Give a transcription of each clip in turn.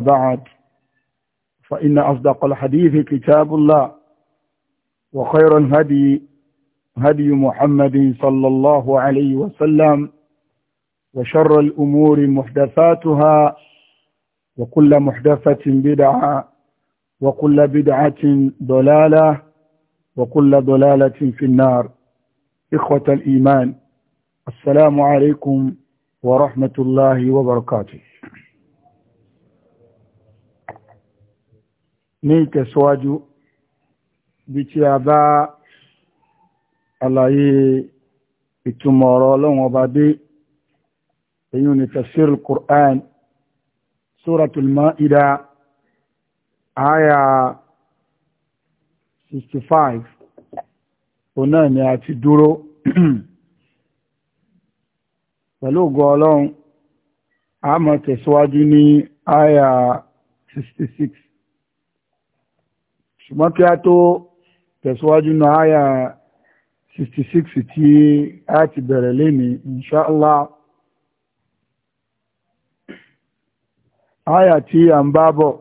بعد فإن أصدق الحديث كتاب الله وخير الهدي هدي محمد صلى الله عليه وسلم وشر الأمور محدثاتها وكل محدثة بدعة وكل بدعة ضلالة وكل ضلالة في النار إخوة الإيمان السلام عليكم ورحمة الله وبركاته ní ìtẹ̀síwájú bí tí a bá àlàyé ìtumọ̀ ọ̀rọ̀ ọlọ́run ọba dé èyí ni tafsir al-Qur'an suratul Ma'ida 65 òun náà ni a ti dúró pẹ̀lú ògo ọlọ́run a máa tẹ̀síwájú ní aya 66 ṣùgbọ́n kí a tó tẹ̀síwájú náà àyà 66 tí a ti bẹ̀rẹ̀ lẹ́ni inṣáàlá àyà tí a ń bá bọ̀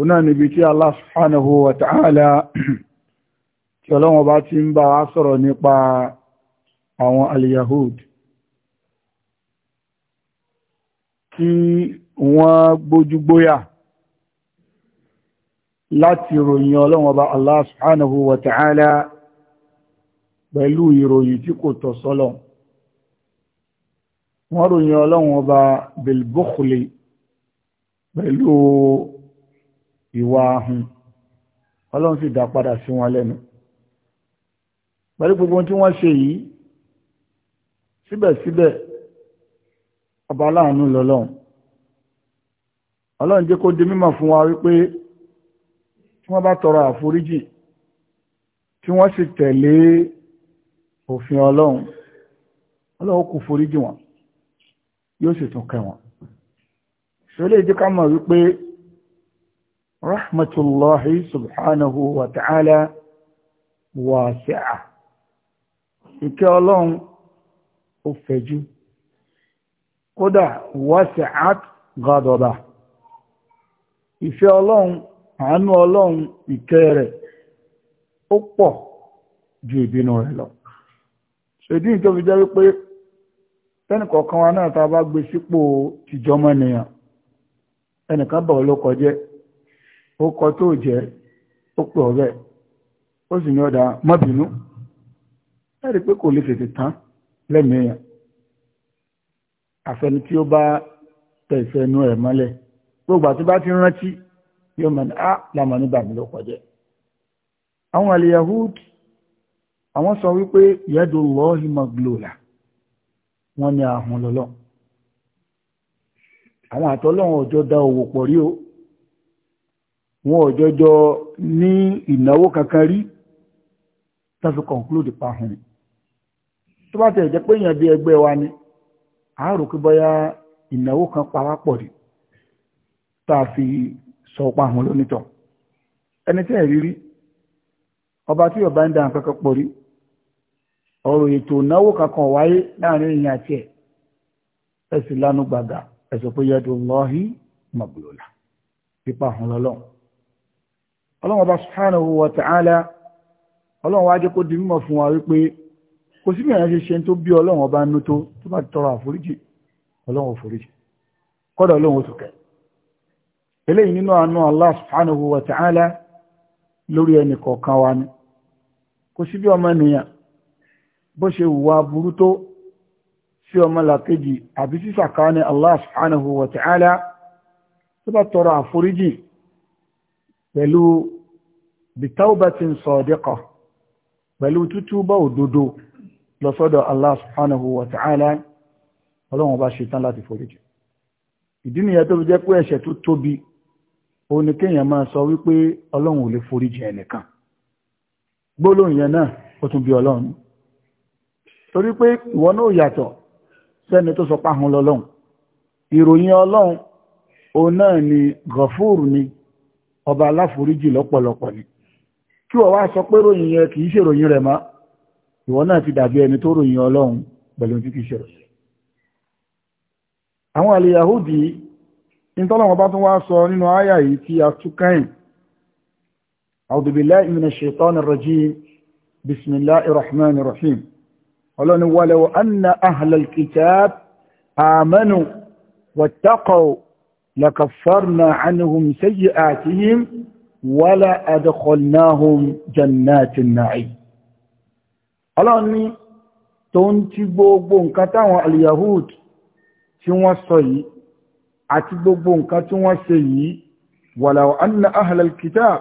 ọ̀nà níbi tí Allah subhanahu wa ta'ala tí ọlọ́wọ́n bá ti ń bá wá sọ̀rọ̀ nípa àwọn al kí wọ́n gbójúgbóyà láti ròyìn ọlọ́run ọba Allah subhanahu wa ta'ala pẹ̀lú ìròyìn tí kò tọ́ sọ́lọ̀ wọ́n ròyìn ọlọ́run ọba bilbukhli pẹ̀lú ìwà ahùn ọlọ́run sì dá padà sí wọn lẹ́nu pẹ̀lú gbogbo tí wọ́n ṣe yìí síbẹ̀síbẹ̀ ọba aláàánú lọ́lọ́run ọlọ́run jẹ́ kó di mímọ̀ fún wa wípé wọ́n bá tọrọ àforíjì tí wọ́n sì tẹ̀lé òfin ọlọ́run ọlọ́run kò foríjì wọn yóò sì tún kẹ́ wọn ṣọlẹ̀ ìdí ká mọ̀ wípé rahmatullahi subhanahu wa ta'ala wasi'a ìkẹ́ ọlọ́run ó fẹ̀jú kódà wasi'at ghadaba ìfẹ́ ọlọ́run àánú ọlọ́run ìkẹ́ rẹ̀ ó pọ̀ ju ìbínú rẹ̀ lọ ṣèdí tó fi jẹ́ wípé tẹ́nìkọ̀ọ̀kan ta bá gbé sípò tìjọmọ́nìyàn ẹnìkan bọ̀ ló kọjẹ́ ó kọ tó jẹ́ ó pè ọ̀rẹ́ ó sì ní ọ̀dà mọ́bìnú ẹ̀rí pé kò lè tètè tán lẹ́mìíyàn àfẹni tí ó bá tẹ̀sẹ̀ ẹ̀ mọ́lẹ̀ gbogbo àti bá yóò mọ̀ ní á ah, lámọ̀ nígbà mi ló kọjẹ́ àwọn al-yahud àwọn sọ wípé yadullahi maglula wọ́n ni ahun lọ́lọ́ àwọn ọjọ́ dá owó pọ̀ rí o wọn ọjọ́jọ́ ní ìnáwó kankan rí tàbí conclude pahun tó bá tẹ̀ sọ pa àwọn lónítọ̀ ẹni tí ẹ̀rí rí ọba tí ọba ń dá nǹkan kan ọ̀rọ̀ ètò ìnáwó kankan wáyé láàrin ìyìn àti ẹ̀ ẹ̀sìn lánú gbàgà ẹ̀sọ̀ pé yẹ́dùn lọ́hí mọ̀gbìlọ́lá pípa àwọn lọ́lọ́run ọlọ́run ọba ọlọ́run kó di mímọ̀ fún wa wípé kò sí ṣe tó bí ọlọ́run ọba nú tó tó bá tọrọ àforíjì ọlọ́run òforíjì kọ́dọ̀ ọlọ́run oṣù eléyìí nínú àánú Allah subhanahu wa ta'ala lórí ẹnì kọ̀ọ̀kan wa ni kò sí bí ọmọ ènìyàn bó ṣe wùwà burú tó sí ọmọ làkejì àbí sísàká ní Allah subhanahu wa ta'ala tó bá tọrọ àforíjì pẹ̀lú bitaubatin sadiqah pẹ̀lú tútúbà òdodo lọ́sọ́dọ̀ Allah subhanahu ọlọ́run bá ṣetán láti foríjì ìdí nìyẹn tó fi jẹ́ pé ẹ̀ṣẹ̀ tó tóbi òun ni kéèyàn máa sọ wípé ọlọ́run ò lè forí jìn ẹnìkan gbólóhùn yẹn náà ó tún bí ọlọ́run torí pé ìwọ náà yàtọ̀ sẹ́ni tó sọ páhùn lọ́lọ́run ìròyìn ọlọ́run òun náà ni gọ̀fúr ni ọba aláforíjì lọ́pọ̀lọpọ̀ ni kí wọ́n wá sọ pé ròyìn yẹn kì í ṣe ròyìn rẹ̀ mọ́ ìwọ náà ti dàbí ẹni tó ròyìn ọlọ́run pẹ̀lú tí kì í ṣe àwọn àlè Yahudi nítọ́lọ́wọ́ bá tún wá sọ nínú àyà yìí tí a tún kẹ́yìn a'udhu billahi minash shaitanir rajim bismillahir rahmanir rahim ọlọ́ni walaw anna ahlal kitab amanu wattaqaw lakaffarna anhum sayyi'atihim wala adkhalnahum jannatin na'im ọlọ́ni tó àti gbogbo nǹkan tí wọ́n ṣe yìí wàlà anna ahlal kitab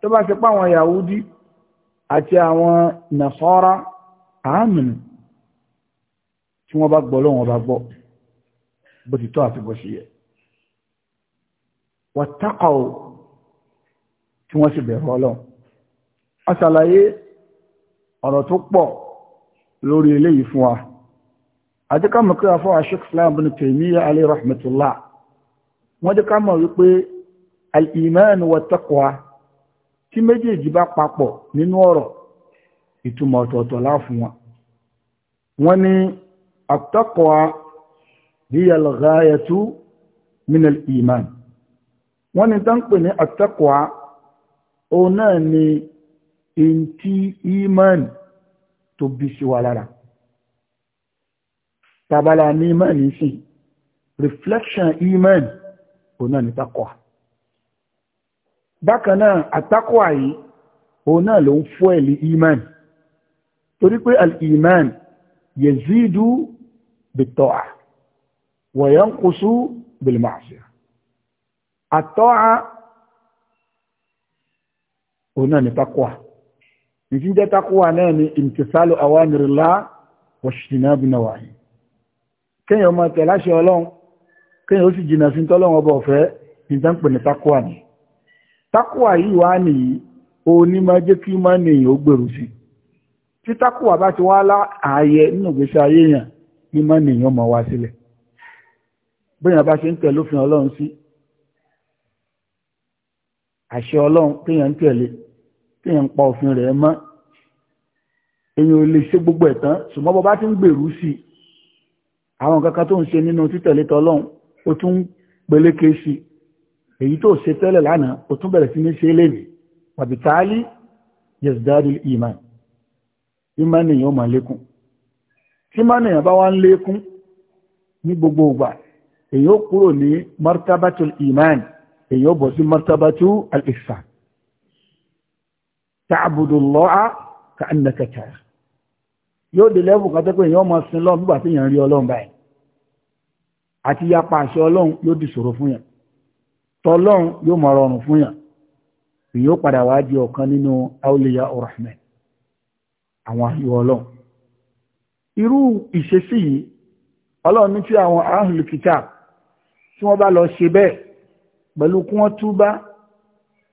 tó bá ṣe páwọn yahudi àti àwọn nasara àmín tí wọ́n bá gbọ́ lọ́wọ́n bá gbọ́ bó ti tọ́ àti bó ṣe yẹ wattaqaw tí wọ́n sì bẹ̀rù ọlọ́run a ṣàlàyé ọ̀rọ̀ tó pọ̀ lórí eléyìí fún wa àti ká mọ̀ kí a fọ́ àṣíkìsílám bin Taymiyyah alayhi rahmatullah wọ́n jẹ́ ká mọ̀ wípé al-iman wa taqwa tí méjèèjì bá papọ̀ nínú ọ̀rọ̀ ìtumọ̀ ọ̀tọ̀ọ̀tọ̀ láfún wọn wọ́n ní at-taqwa hiya al-ghayatu min al-iman wọ́n ní tán ní at òun náà ni in iman tó bí sí wa lára tabala ní iman yìí sí reflection iman òun náà ní tákọ́à bákan náà àtákọ́à yìí òun náà ló ń fọ́ ẹ̀lì iman torí pé al-iman yazidu bit-ta'a wa yanqusu bil-ma'siyah at-ta'a òun náà ní tákọ́à ìjíjẹ́ tákọ́à náà ní imtisalu awamirillah wa ijtinabu nawahi kéèyàn máa tẹ̀láṣẹ ọlọ́run kéyàn ó sì jìnà sí tọ́lọ́wọ́ bọ̀ fẹ́ ìjánpẹ̀ ní takuwa ni takuwa yìí wá nìyí òní máa jẹ́ kí máa ní ó gbèrú sí tí takuwa bá ti wá lá ààyè nínú ìgbésí ayé yàn ní máa wá sílẹ̀ bá ṣe ń ọlọ́run sí àṣẹ ọlọ́run kéèyàn ń pa òfin rẹ̀ mọ́ lè ṣe gbogbo ẹ̀ tán ṣùgbọ́n bá ti gbèrú sí àwọn kankan ó tún peléke sí èyí tó ṣe tẹ́lẹ̀ lánàá ó tún bẹ̀rẹ̀ sí ní ṣe lè ní wàbítálí yẹ̀sìdárì ìmán ìmán èèyàn máa lékún tí ìmán èèyàn bá wá ń lékún ní gbogbo ìgbà èèyàn kúrò ní martabatul ìmán èèyàn bọ̀ sí martabatul al-ihsan ta'budullaha ka'annaka tarah yóò dé lẹ́bù kan tẹ́kọ̀ọ́ èèyàn máa sin lọ́ọ̀ nígbà tí èèyàn rí ọlọ́run báyìí àti yapa àṣẹ ọlọ́run yóò di ṣòro fún yàn tọlọ́run yóò mọ̀ rọrùn fún yàn èyí ó padà wá di ọ̀kan nínú auliya orahman àwọn ayò ọlọ́run irú ìṣesí yìí ọlọ́run ní tí àwọn ahlul kitab tí wọ́n bá lọ ṣe bẹ́ẹ̀ pẹ̀lú kí wọ́n túbá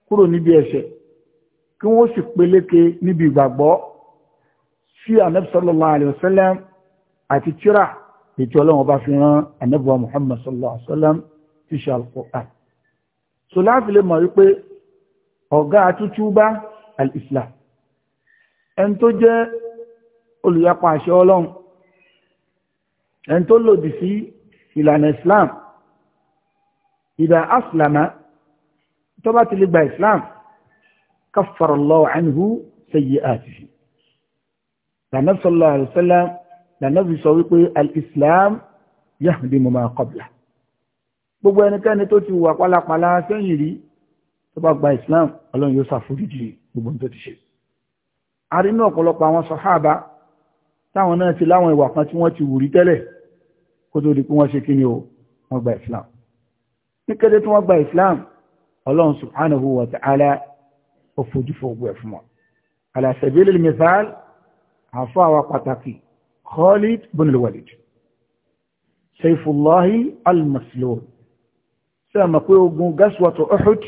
kúrò níbi ẹ̀ṣẹ̀ kí wọ́n sì peléke níbi ìgbàgbọ́ sí anabi sallallahu alayhi àti tíra ètò ọlọ́run bá fi rán anábùwà muhammad sallallahu alaihi wasallam ti ṣe alquran so láàfin lè mọ̀ wípé ọ̀gá àtútúbá al-islam ẹni tó jẹ́ olùyapa àṣẹ ọlọ́run ẹni tó lòdì sí ìlànà islam ìdá aslama tó bá ti lè gba islam kaffara Allahu anhu sayyi'atihi sallallahu alaihi wasallam lànàbí sọ wípé al-islam yahdimu ma qabla gbogbo ẹnikẹ́ni tó ti wà pálapàla sẹ́yìn rí tó bá gba islam ọlọ́run yóò ṣàforíjì gbogbo tó ti ṣe a rí ní ọ̀pọ̀lọpọ̀ àwọn sàhábà táwọn náà ti láwọn ìwà kan tí wọ́n ti wù rí tẹ́lẹ̀ kó tó di pé wọ́n ṣe kí ni o wọ́n gba islam ní kété tí wọ́n gba islam ọlọ́run subhanahu wa ta'ala ó fojú fo gbogbo ẹ̀ fún wọn ala sabilil àfọ àwa pàtàkì خالد بن الوليد سيف الله al-Maslul sẹ́mà pé ogun gaswatu Uhud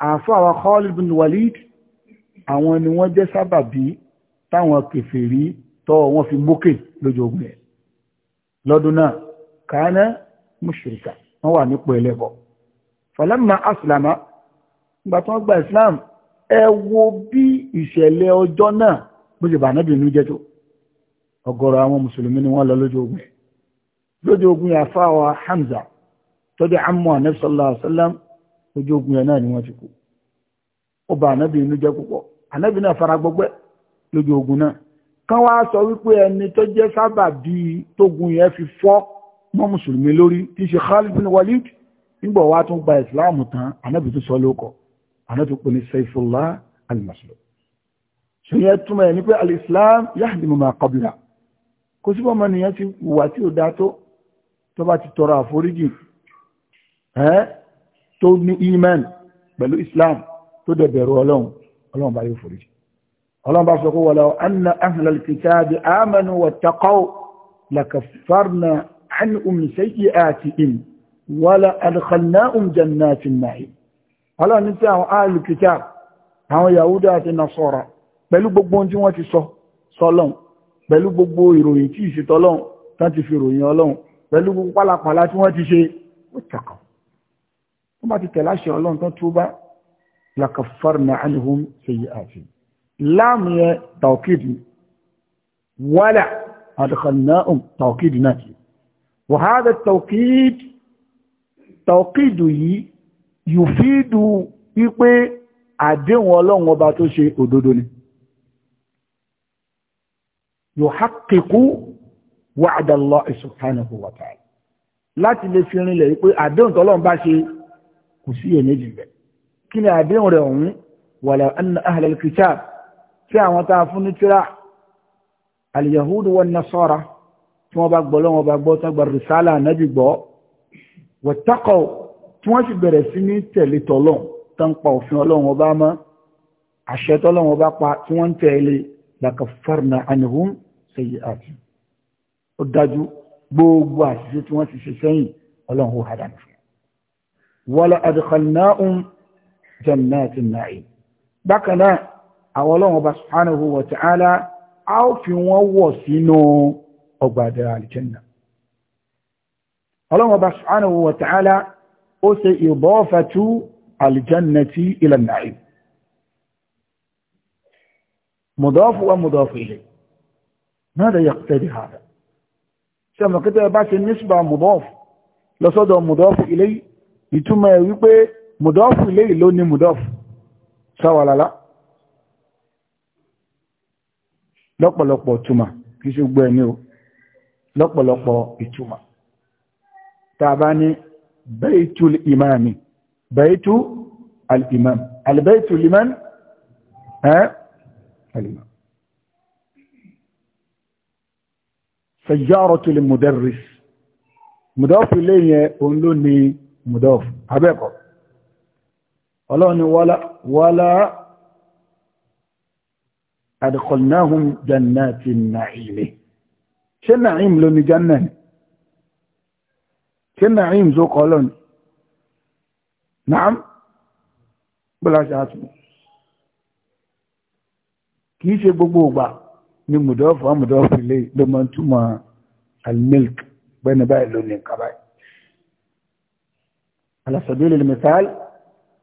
àfáwà Khalid bin al-Walid àwọn ni wọ́n jẹ́ sábàbí táwọn kèfèrí tọ́ wọ́n fi mókè lójú ogun ẹ̀ lọ́dún náà kàánà mushrika wọ́n wà nípò falamma aslama nígbà tí gba Islam ẹ wo bí ìṣẹ̀lẹ̀ ọjọ́ náà bó ṣe bà náà bínú jẹ́ tó ọ̀gọ̀rọ̀ àwọn mùsùlùmí ni wọ́n lọ lójú ogun lójú ogun yà fáwa Hamza tó dé àmọ́ ànábì sallallahu alaihi wasallam lójú ogun yẹn náà ni wọ́n ti kú ó bà ànábì inú jẹ́ púpọ̀ ànábì náà fara gbọgbẹ́ lójú ogun náà kán wá sọ wípé ẹni tó jẹ́ sábà bí tógun yẹn fi fọ́ mọ́ mùsùlùmí lórí tí í ṣe Khalid bin Walid nígbà wá tún gba ìsìláàmù tán ànábì tó sọ lóko ànábì pè ní Saifullah al ṣe yẹn túmọ̀ ẹ̀ ní pé al-Islam yahdimu ma qabla kò sí bọ́mọ nìyẹn ti wùwà tí ò dá tó tó bá ti tọrọ àforíjì ẹ́ tó ní iman pẹ̀lú islam tó dẹ̀ bẹ̀rù ọlọ́run ọlọ́run bá yóò foríjì ọlọ́run bá sọ pé walaw anna ahlal kitabi amanu wattaqaw lakaffarna anhum sayyi'atihim jannatin na'im ọlọ́run ní sí àwọn ahlul kitab àwọn yahuda àti nasara pẹ̀lú gbogbo ohun tí wọ́n ti sọ pẹ̀lú gbogbo ìròyìn tí ìṣètò ọlọ́run tán ti fi ròyìn ọlọ́run pẹ̀lú gbogbo pálapàla tí wọ́n ti ṣe ó tẹ̀kọ̀ wọ́n bá ti tẹ̀lé àṣẹ ọlọ́run tán tó bá lakafarna anhum sayyi'ati láàmù yẹn tàwọ́kìdì wala adkhalnahum tàwọ́kìdì náà ti wa hadha tàwọ́kìd tàwọ́kìdù yìí yòfídù wípé àdéhùn ọlọ́run ọba tó ṣe òdodo ni yuhaqqiqu wa'da Allah subhanahu wa ta'ala láti lè fi rinlẹ̀ wípé àdéhùn tọ́lọ́run bá ṣe kò sí èméjì rẹ̀ kí ni àdéhùn rẹ̀ ọ̀hún wala anna ahla al-kitab tí àwọn tá a fún ní tíra al-yahudu wan-nasara tí wọ́n bá gbọ́ làkàfàrnà ànihùn sẹ́yìn àti ó dájú gbogbo àṣìṣe tí wọ́n ti ṣe sẹ́yìn ọlọ́run ó hàdà nìfẹ́ wọ́lá adìkàlnáhùn jannati na'im bákan náà àwọn ọlọ́run ọba subhanahu wa ta'ala a ó fi wọ́n wọ̀ sínú ọgbà àdìrà àlìjẹ́nà ọlọ́run ọba mọ̀dọ́fù wa mọ̀dọ́fù ilẹ̀ náà da yàtẹ̀dì hàdà ṣe mọ̀ kíta bá ṣe nísbà mọ̀dọ́fù lọ́sọ́dọ̀ mọ̀dọ́fù ilẹ̀ ìtumọ̀ ẹ̀ wípé mọ̀dọ́fù ilẹ̀ ló ní mọ̀dọ́fù sáwàlálá lọ́pọ̀lọpọ̀ ìtumà kì í ṣe gbọ́ ẹni o lọ́pọ̀lọpọ̀ ìtumà tá a bá ní bẹ́ẹ̀tù ìmáàmì bẹ́ẹ̀tù alìmáàmì alìbẹ́ẹ̀tù ìmáàmì kalima sẹ̀yọ́rọ̀ tó lè mọ̀dẹ́rìs mọ̀dọ́fù lè yẹn òun ló ní mọ̀dọ́fù abẹ́kọ̀ ọlọ́ni wọ́lá adkhalnahum jannati na'ile ṣe na'im ló ní janna ni ṣe na'im zó kọ́ lọ́ni na'am bọ́lá ṣe àtúnṣe kìí ṣe gbogbo ògbà ni mùdọ́fù amùdọ́fù ilé ló máa ń túmọ̀ almilk bẹ́ẹ̀ni báyìí ló ní nǹkan báyìí. alasọ̀dé lè mẹ́tàl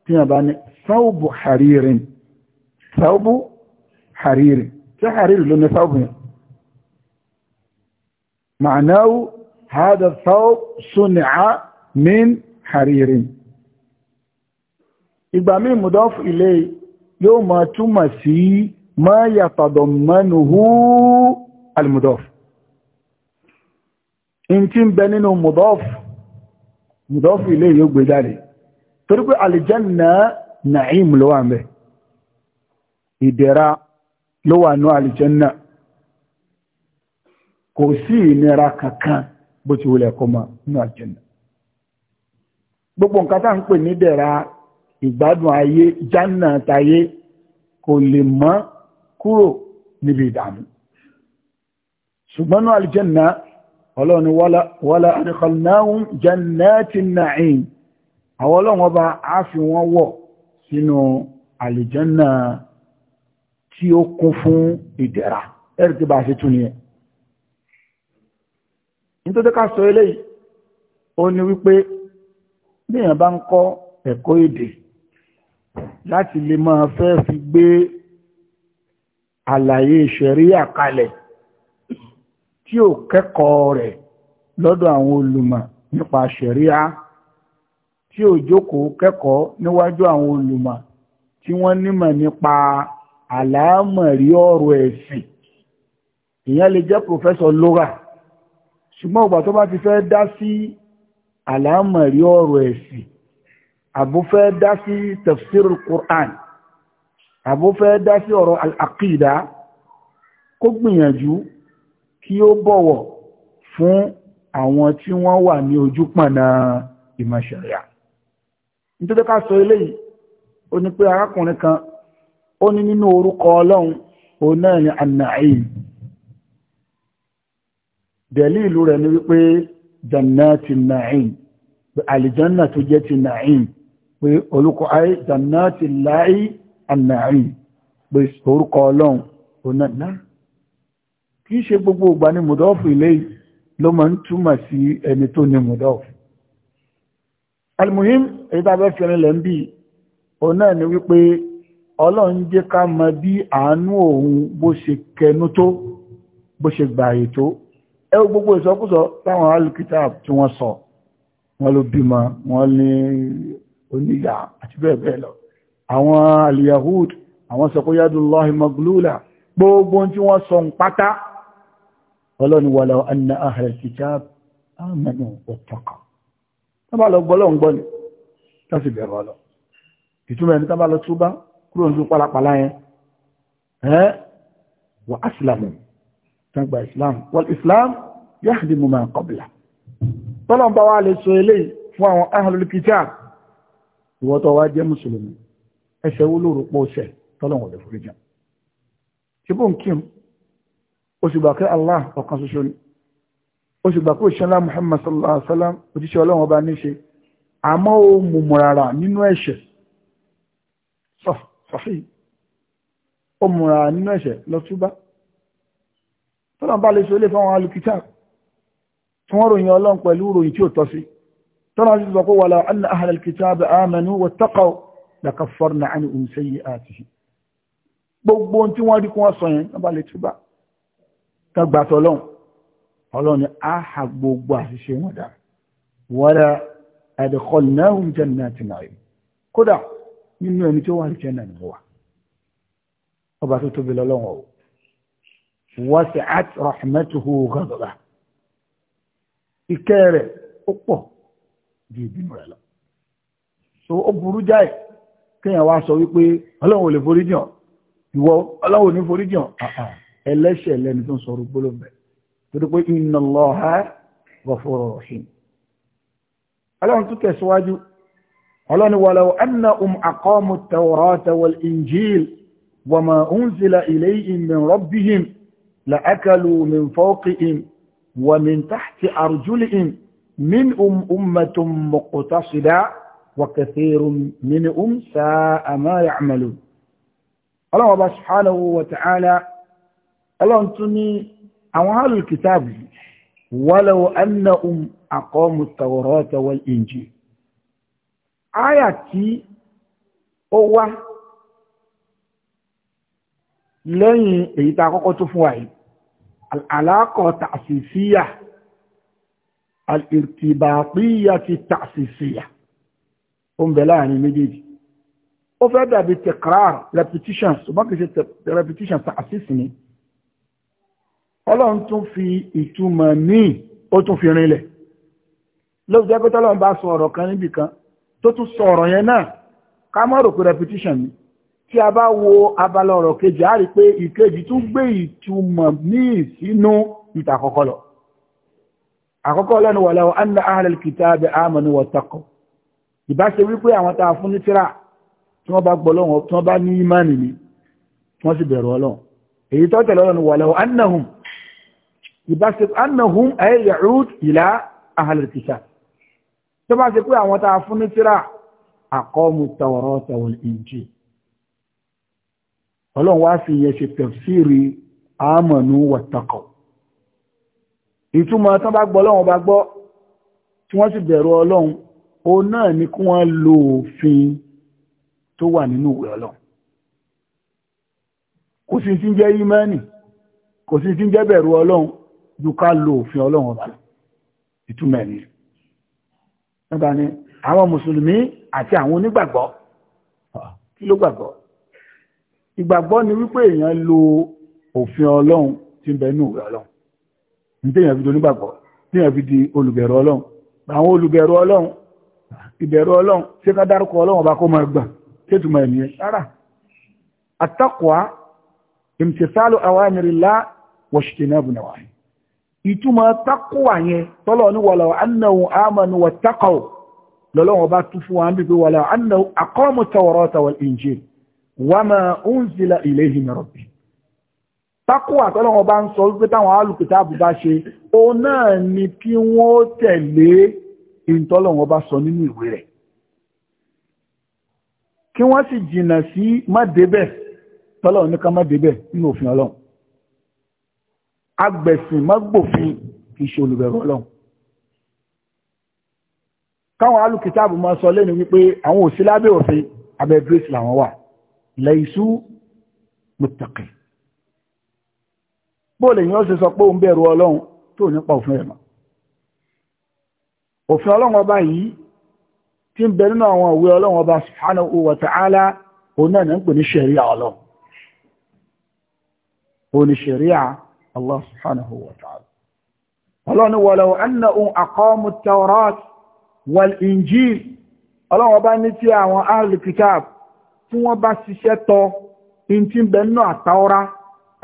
tí wọ́n bá ní sáwùbù haririn sáwùbù haririn tí haririn ló ní sáwùbù yẹn. معناه هذا الثوب صنع من حرير ìgbà míì mùdọ́fù ilé yóò máa túmọ̀ sí ما يتضمنه المضاف ان تم بنين مضاف مضاف اليه يغبي جاري تربي الجنه نعيم لو امه ìdẹ̀ra ló wà ní àlìjẹ́nà kò sí ìnira kankan bó ti wulẹ̀ kọ ma ní àlìjẹ́nà gbogbo nǹkan tá ń pè ní dẹ̀ra ìgbádùn ayé jánà tayé kò lè mọ́ kúrò níbi ìdàmú ṣùgbọ́n náà aljanna ọlọ́run ni wọ́lá adkhalnahum jannatin na'im àwọn ọlọ́run ọba á fi wọ́n wọ̀ sínú aljanna tí ó kún fún ìdẹ̀ra ẹ̀rì tí bá ṣe tún ni ẹ̀ nítorí bá ń kọ́ ẹ̀kọ́ èdè láti lè máa fẹ́ fi gbé àlàyé ṣẹ̀ríà kalẹ̀ tí ò kẹ́kọ̀ọ́ rẹ̀ lọ́dọ̀ àwọn olùmọ̀ nípa ṣẹ̀ríà tí ò jókòó kẹ́kọ̀ọ́ níwájú àwọn olùmọ̀ tí wọ́n nímọ̀ nípa àlámọ̀rí ọ̀rọ̀ ẹ̀sìn ìyẹn lè jẹ́ pòfẹ́sọ̀ lóra ṣùgbọ́n ìgbà tó bá ti fẹ́ dá sí àlámọ̀rí ọ̀rọ̀ ẹ̀sìn àbúfẹ́ dá sí tafsirul Qur'an àbó fẹ́ dá sí ọ̀rọ̀ àkìdá kó gbìyànjú kí ó bọ̀wọ̀ fún àwọn tí wọ́n wà ní ojú pọ̀nà ìmọ̀ ṣẹ̀ríà nítorí ká sọ eléyìí ó ní pé arákùnrin kan ó ní nínú orúkọ ọlọ́run òun náà ni annaim dẹ̀lí ìlú rẹ̀ ni wípé jannati na'im pé àlìjánà tó jẹ́ ti na'im pé olùkọ́ ayé jannati láì ànàrí pé orúkọ ọlọ́run onáná kì í ṣe gbogbo ìgbà ní mùdọ́ọ̀fù ilé ló máa ń túmọ̀ sí ẹni tó ní mùdọ́ọ̀fù almuhim èyí tàbí fìrin lẹ́ ń bí òun náà ni wípé ọlọ́run jẹ́ ká mọ bí àánú òun bó ṣe kẹnu tó bó ṣe gbààyè tó ẹ gbogbo ìsọkúsọ táwọn alukitab tí wọ́n sọ wọ́n ló bímọ wọ́n ní oníyà àti bẹ́ẹ̀ bẹ́ẹ̀ lọ àwọn aliyahud àwọn sọkóyádùláhì maglúlà gbogbo tí wọ́n sọ pátá ọlọ́ni wà láwọn anna ahlal kitab amanu wattaqa tábà lọ gbọ́lọ́ ń gbọ́ ni tásì bẹ̀rọ ọlọ́ ìtumọ̀ ẹni tábà lọ túbá kúrò bá wà lè sọ eléyìí fún àwọn ahlul kitab ìwọ́tọ̀ wá jẹ́ mùsùlùmí ẹ̀ṣẹ̀ wo ló rò pọ̀ ṣẹ̀ tọ́lọ́run ò lè forí jìn ṣe bó ń kí n ó sì gbà pé Allah ọ̀kan ṣoṣo ni ó sì gbà pé òṣìṣẹ́lá Muhammad sallallahu alaihi wa sallam ní ṣe àmọ́ ó mùmù rárá nínú ẹ̀ṣẹ̀ sọ̀fí ó mùmù rárá nínú ẹ̀ṣẹ̀ lọ́túbá tọ́lọ́run bá lè ṣe olè fáwọn alùpùpù tí wọ́n lakaffarna anhum sayyi'atihim gbogbo ohun tí wọ́n rí kí wọ́n sọ yẹn wọ́n bá lè túbà tọgbà tọlọ́hún ọlọ́run á ha gbogbo àṣìṣe wọn dára wala adkhalnahum jannati na'im kódà nínú ẹni tí ó wà ní jẹ́nà ni wà ọba tó tóbi lọ́lọ́wọ́ o wasi'at rahmatuhu ghadaba ìkẹ́ rẹ̀ ó pọ̀ ju ìbínú rẹ̀ lọ so ó burú jáì kéèyàn wá sọ wípé ọlọ́run ò lè forí jìn ìwọ ọlọ́run ò ní forí jìn ẹlẹ́ṣẹ̀ lẹni tó ń sọ rúgbóló mẹ́ torí pé inna Allaha ghafurur rahim ọlọ́run tó tẹ̀síwájú ọlọ́run walau annahum aqamu at-tawrata wal-injil wa ma unzila ilayhim min rabbihim لأكلوا من فوقهم ومن تحت أرجلهم منهم أمة مقتصدة وكثير منهم ساء ما يعملون الله سبحانه وتعالى الله أنتني أوهال الكتاب ولو أنهم أقاموا التوراة والإنجيل آياتي هو لن èyí tá العلاقة التأسيسية الارتباطية التأسيسية ó ń bẹ láàrin méjèèjì ó fẹ́ dàbí tekrar repetition ṣùgbọ́n kìí ṣe repetition tààsìsì ni ọlọ́run tún fi ìtumọ̀ míì ó tún fi rinlẹ̀ lóòótọ́ jẹ́ pé tọ́lọ́run bá sọ ọ̀rọ̀ kan níbì kan tó tún sọ ọ̀rọ̀ yẹn náà ká má repetition ni tí a bá wo abala ọ̀rọ̀ kejì á rí pé ìkejì tún gbé ìtumọ̀ míì sínú ìtàkọ́kọ́ lọ àkọ́kọ́ lẹ́nu wà láwọn anna ahlal kitabi amanu wa taqaw ìbáṣe wípé àwọn tá a fún ní tíra tí wọ́n bá gbọ́ lọ́wọ́ tí wọ́n bá ní ìmánì ni tí wọ́n sì bẹ̀rù ọlọ́run èyí tó tẹ̀lé ọlọ́run wà lọ́wọ́ annahum ìbáṣe annahum ay ya'ud ila ahli al-kitab tó bá ṣe pé àwọn tá fún ní tíra aqamu at-tawrata o náà ni kí wọ́n lo òfin tó wà nínú ìwé ọlọ́run kò sí tí ń jẹ́ ìmánì kò sí tí ń jẹ́ bẹ̀rù ọlọ́run ju ká lo òfin ọlọ́run ọba ìtumẹ̀ ni nígbà ni àwọn mùsùlùmí àti àwọn onígbàgbọ́ kí ló gbàgbọ́ ìgbàgbọ́ ni wípé èèyàn lo òfin ọlọ́run tí ń bẹ ní ìwé ọlọ́run ní téèyàn fi di onígbàgbọ́ téèyàn fi di olùbẹ̀rù ọlọ́run àwọn olùbẹ̀rù ọlọ́run ìbẹ̀rù ọlọ́run ṣé ká dárúkọ ọlọ́run ọba kó máa gbà ṣé tùmọ̀ ẹ̀mí ẹ̀ rárá àtàkùá ìmùtẹ̀sálù àwámìrìlá wọ̀ṣìkìnàbù náà ìtumọ̀ tákùwà yẹn tọ́lọ̀ ní wọ̀lọ̀ annáwó àmànù wà tákàwò lọ́lọ́wọ́ bá tún fún wọn bíbí wọ̀lọ̀ annáwó àkọ́mù tawọ́rọ́ tawọ́ ìjẹ́ wà máa ń zila ilé ìhìnrọ̀bì tákùwà tọ́lọ́wọ́ bá ń sọ wípé táwọn alùpùtà àbúbá ṣe ó náà ni kí wọ́n tẹ̀lé ìntọ́lọ̀ wọn bá sọ nínú ìwé rẹ̀ kí wọ́n sì jìnà sí má débẹ̀ tọ́lọ̀ ní ká má débẹ̀ nínú òfin ọlọ́run agbẹ̀sìn má gbòfin kì í ṣe olùbẹ̀rù ọlọ́run káwọn alùkìtàbù máa sọ lẹ́nu wípé àwọn òsí lábẹ́ òfin abẹ́ grace làwọn wà lẹ́ìsú muttaqin bóòlù èèyàn ṣe sọ pé òun bẹ̀rù ọlọ́run tó nípa òfin rẹ̀ mọ́ òfin ọlọ́run ọba yìí tí ń bẹ nínú àwọn òwe ọlọ́run ọba subhanahu wa ta'ala òun náà ń pè ní ṣẹ̀ríà ọlọ́run òun ni ṣẹ̀ríà Allah subhanahu wa ta'ala ọlọ́run wa law annahum aqamu at-tawrat wal-injil ọlọ́run ọba ní tí àwọn al bá ṣiṣẹ́ tọ in tí ń bẹ nínú àtàwọ́rá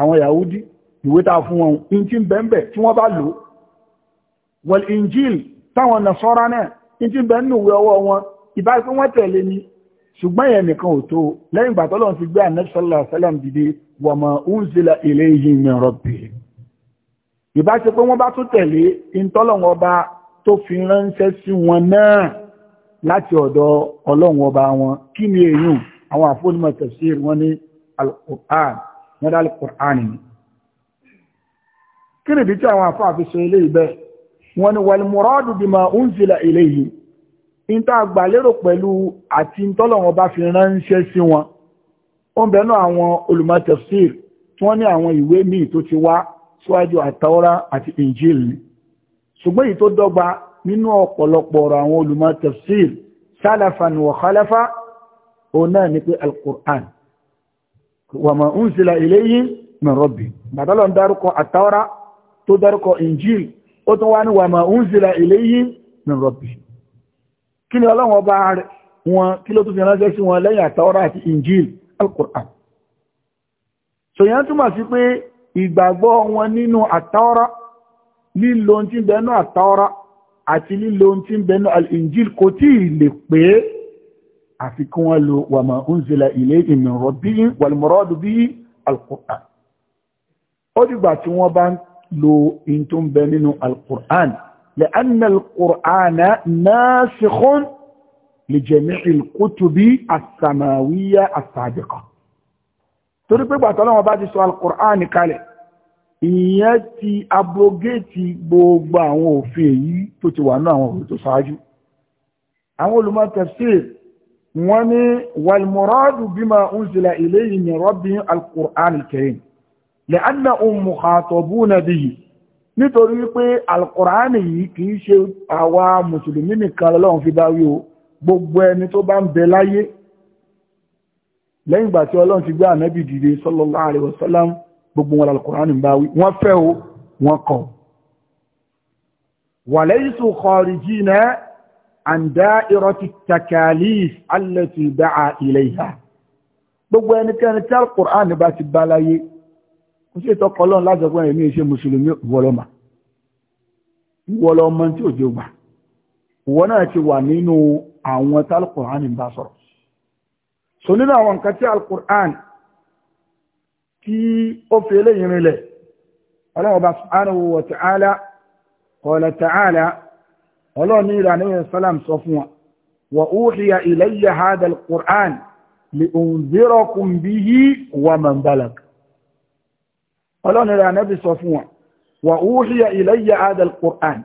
àwọn Yahudi ìwé ta fún wọn in tí ń bẹ tí wọ́n bá lò wal-injil táwọn nàṣọ́rá náà ní ti bẹ́ẹ̀ nù wẹ ọwọ́ wọn ìbá pé wọ́n tẹ̀lé ni ṣùgbọ́n yẹn nìkan ò tó lẹ́yìn ìgbà tó lọ́n ti gbé ànábì sallallahu alaihi wasallam dìde wa ma unzila ilayhi min rabbih ìbá ṣe pé wọ́n bá tún tẹ̀lé ìtọ́lọ́wọ́n ọba tó fi ránṣẹ́ sí wọn náà láti ọ̀dọ̀ ọlọ́wọ́n ọba wọn kí ni èyàn àwọn àfọ́nimọ̀ tafsir wọn ní al wọn dá al ni kí wọ́n ni wàlmùrọ́dù bí ma ń zìlà ilé yìí in tó àgbàlérò pẹ̀lú àti tọ́lọ̀wọ́n bá fi ránṣẹ́ sí wọn ó ń bẹ̀nú àwọn olùmọ̀tẹ̀fsir tí wọ́n ní àwọn ìwé míì tó ti wá síwájú àtàwọ́rá àti injil ṣùgbọ́n èyí tó dọ́gba nínú ọ̀pọ̀lọpọ̀ àwọn olùmọ̀tẹ̀fsir ó tún wá ní wàmà unzila ilayhim min rabbihim kí ni ọlọ́run ọba wọn kí ló tún fi ránṣẹ́ sí wọn lẹ́yìn àtàwọ́rá àti injil al-Qur'an ṣòyàn túmọ̀ sí pé ìgbàgbọ́ wọn nínú àtàwọ́rá lílo tí ń bẹnu àtàwọ́rá àti lílo tí ń bẹnu injil kò tí ì lè pé àfi kí wọ́n lo wàmà unzila ilayhim min rabbihim wal muradu bihi ó dìgbà tí wọ́n bá ń lo in tó ń bẹ nínú alkùrán lẹ́anà alkùrán náàsìkún lè jẹ̀mí ìlkútùbí àsàmàwíyà àsàbíkà torí pé gbàtọ́lọ́wọ́ bá ti sọ alkùrán kalẹ̀ ìyẹn ti abrogéètì gbogbo àwọn òfin èyí tó ti wà ní àwọn òfin tó ṣáájú àwọn olùmọ̀ tafsir wọ́n ní wàlmùrọ́dù bímọ unzila ilayhi min rabbihim alkùrán karim li'annahum mukhatabuna bihi nítorí pé alkùránì yìí kìí ṣe àwa mùsùlùmí nìkan lọ́wọ́n fi bá wí o gbogbo ẹni tó bá ń bẹ láyé lẹ́yìn ìgbà tí ọlọ́run ti gbé ànábì dìde sallallahu alaihi wasallam gbogbo wọn alkùránì bá wí wọ́n fẹ́ o wọ́n ẹnikẹ́ni tí alkùránì bá ti bá láyé kò sí ètò ọkọ̀lọ́n lájọpọ̀ èmi ṣe mùsùlùmí wọlọ́mà wọlọ́mọ tí ò jẹ́ gbà wọ́n náà ti wà nínú àwọn tí Al-Qur'an ń bá sọ̀rọ̀ so nínú àwọn nǹkan tí al tí ó fi eléyìn rinlẹ̀ sọ wa man balag ọlọ́run rẹ̀ anábì sọ fún wọn wà úhíyà ilayya àdà alkùrán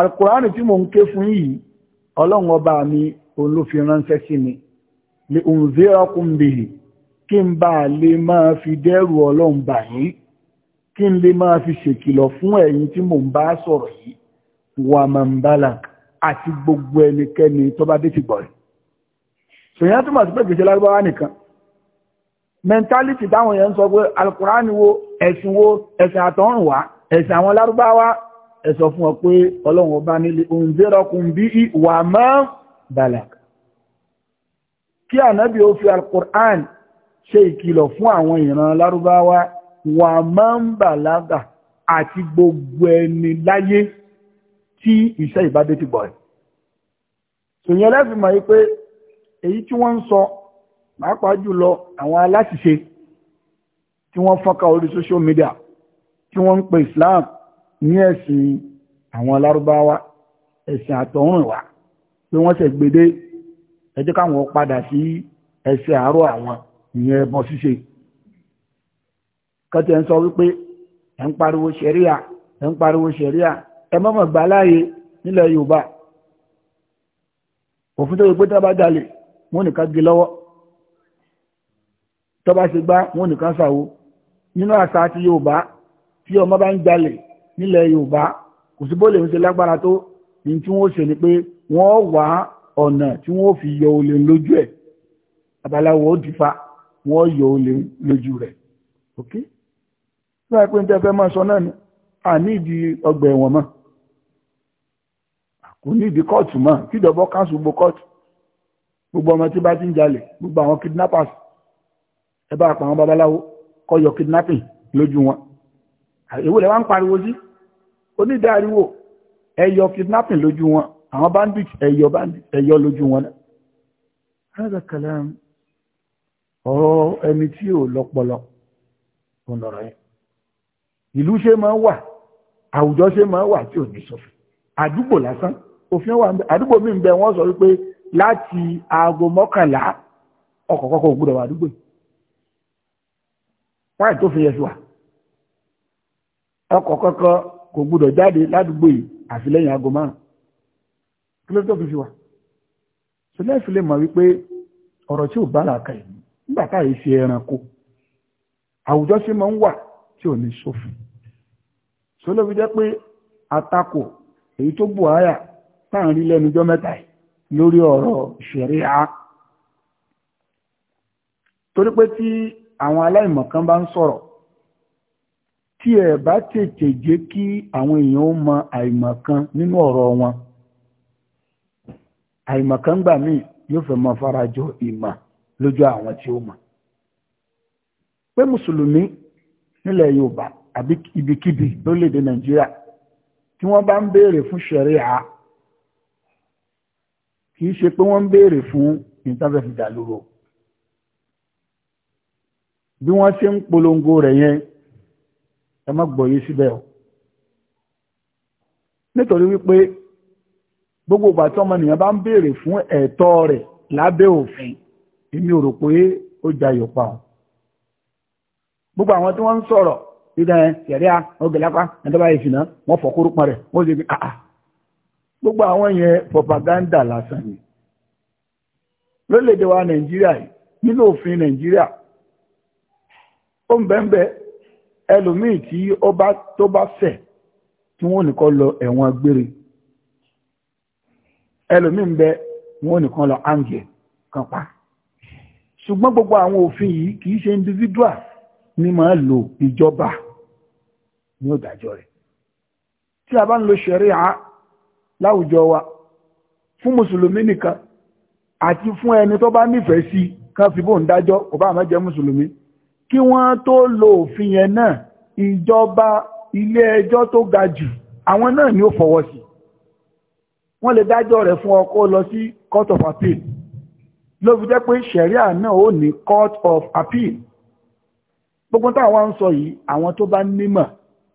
alkùrán tí mo ń ké fún yìí ọlọ́run ọba mi olófin ránṣẹ́ sí mi lè ń zíra kún bèèrè kí n bá lè máa fi dẹ́rù ọlọ́run bà yín kí n lè máa fi ṣèkìlọ̀ fún ẹ̀yin tí mo ń bá sọ̀rọ̀ yìí wà máa ń bálà àti gbogbo ẹnikẹ́ni tó bá dé ti gbọ̀rẹ̀ sòyìn á túmọ̀ sí pé kìí ṣe nìkan mentality táwọn èèyàn sọ pé alukurani wo ẹ̀sìn wo ẹ̀sìn àtọ̀run wá ẹ̀sìn àwọn lárúbáwá ẹ sọ fún ọ pé ọlọ́run ọba nílé òǹzẹ́rọkùn bí ìwà mọ́ balak kí ànábì ó fi alukurani ṣe ìkìlọ̀ fún àwọn ìran lárúbáwá wà mọ́ balaga àti gbogbo ẹni láyé tí iṣẹ́ ìbádé ti bọ̀ ẹ̀. sòyìn ẹlẹ́fìmọ̀ yìí pé èyí tí wọ́n ń sọ pàápàá jùlọ àwọn aláṣìṣe tí wọ́n fọ́nká orí social media tí wọ́n ń pe Islam ní ẹ̀sìn àwọn lárúbáwá ẹ̀sìn àtọ̀húnrìnwá pé wọ́n ṣẹ̀ gbede ẹ jẹ́ káwọn padà sí ẹsẹ̀ àárọ̀ àwọn ìyẹn ẹbọ ṣíṣe kọ́tí ẹ̀ ń sọ wípé ẹ̀ ń pariwo ṣẹ̀ríà ẹ̀ ń pariwo ṣẹ̀ríà ẹ mọ́mọ̀ gbà láàyè nílẹ̀ Yorùbá òfin tó yẹ pé tá a bá dalẹ̀ wọ́n nìkan gé lọ́wọ́ tó bá ṣe gbá wọn nìkan ṣàwo nínú àṣà ti Yorùbá tí ọmọ bá ń jalè nílẹ̀ Yorùbá kò sí bó lè lágbára tó ní tí wọ́n ṣe ni pé wọ́n wá ọ̀nà tí wọ́n fi yọ olè lójú ẹ̀ abaláwo ó dìfa wọ́n yọ olè lójú rẹ̀ ok nígbà pé níta fẹ́ máa sọ náà ni àní ìdí ọgbà ẹ̀wọ̀n mọ́ kò ní ìdí kóòtù mọ́ kíjọba káńsù gbogbo kóòtù gbogbo ọmọ tí bá ti ń jalè gbogbo àwọn kidnappers ẹ bá pa àwọn babaláwo kọ́ kidnapping lójú wọn èwo lẹ́wà ń pariwo sí onídàáríwò ẹ kidnapping lójú wọn àwọn bandit ẹ yọ bandit ẹ yọ lójú wọn náà hada kalam ọ̀rọ̀ ẹni tí ò lọ́pọlọ ọ̀nàrọ̀ yẹn ìlú ṣe máa wà àwùjọ ṣe máa wà tí ò ní sọfún àdúgbò lásán òfin wà nbẹ àdúgbò mi ń bẹ wọ́n sọ wípé láti aago mọ́kànlá ọkọ̀kọ́kọ́ ògbúdọ̀ wà àdúgbò yìí wáyé tó fi yẹsùn wa ọkọ̀ kọ́kọ́ kò gbúdọ̀ jáde ládùúgbò yìí àfi lẹ́yìn aago márùn kí ló tó fi fi wa ṣùgbọ́n mọ̀ wípé ọ̀rọ̀ tí ò bá làákà yìí nígbà táyé ṣe ẹranko àwùjọ sí máa ń wà tí ò ní sófin ṣọlọ́bi jẹ́ pé àtakò èyí tó bù áyà táàrin lẹ́nujọ́ mẹ́ta lórí ọ̀rọ̀ ṣẹ̀ríà torí pé tí àwọn aláìmọ̀kan bá ń sọ̀rọ̀ tí ẹ̀ bá tètè jẹ́ kí àwọn èèyàn ó mọ àìmọ̀kan nínú ọ̀rọ̀ wọn àìmọ̀kan gbà míì yóò fẹ́ mọ farajọ ìmọ̀ lójú àwọn tí ó mọ̀ pé mùsùlùmí nílẹ̀ yorùbá àbí ibikíbi lórílẹ̀‐èdè nàìjíríà tí wọ́n bá ń béèrè fún ṣẹ̀ríà kì í ṣe pé wọ́n ń béèrè fún ìtànfẹ́fìdà lóró bí wọ́n ṣe ń polongo rẹ̀ yẹn ẹ má gbọ́ yé síbẹ̀ o nítorí wípé gbogbo ìgbà tí ọmọnìyàn bá ń béèrè fún ẹ̀tọ́ rẹ̀ lábẹ́ òfin èmi ò rò pé ó jayọ̀ pa ọ́ gbogbo àwọn tí wọ́n ń sọ̀rọ̀ dídá ẹ yẹ̀rẹ́ a ọgẹ̀ lápá ẹ̀dọ́bà wọ́n fọ̀kúrú pọn rẹ̀ wọ́n ṣe fi àà gbogbo àwọn yẹn propaganda lásán ni lórílẹ̀-èdè wa nàìjíríà nínú òfin nàìjíríà ó ń bẹ́ẹ̀ ẹlòmíì tí tó bá fẹ̀ tí wọ́n nìkan lọ ẹ̀wọ̀n gbére ẹlòmíì ń bẹ wọ́n nìkan lọ áńgẹ̀ kan ṣùgbọ́n gbogbo àwọn òfin yìí kì í ṣe individual ní máa lo ìjọba ní òdàjọ́ rẹ̀ tí a bá ń lo ṣẹ̀ríà láwùjọ wa fún mùsùlùmí nìkan àti fún ẹni tó bá nífẹ̀ẹ́ sí kan fi dájọ́ kò bá má jẹ́ mùsùlùmí kí wọ́n tó lo òfin yẹn náà ìjọba ilé ẹjọ́ tó ga jù àwọn náà ni ó fọwọ́ sí wọ́n lè dájọ́ rẹ̀ fún ọ lọ sí court of appeal ló fi jẹ́ pé ṣẹ̀ríà náà ó ní court of appeal gbogbo táwọn ń sọ yìí àwọn tó bá nímọ̀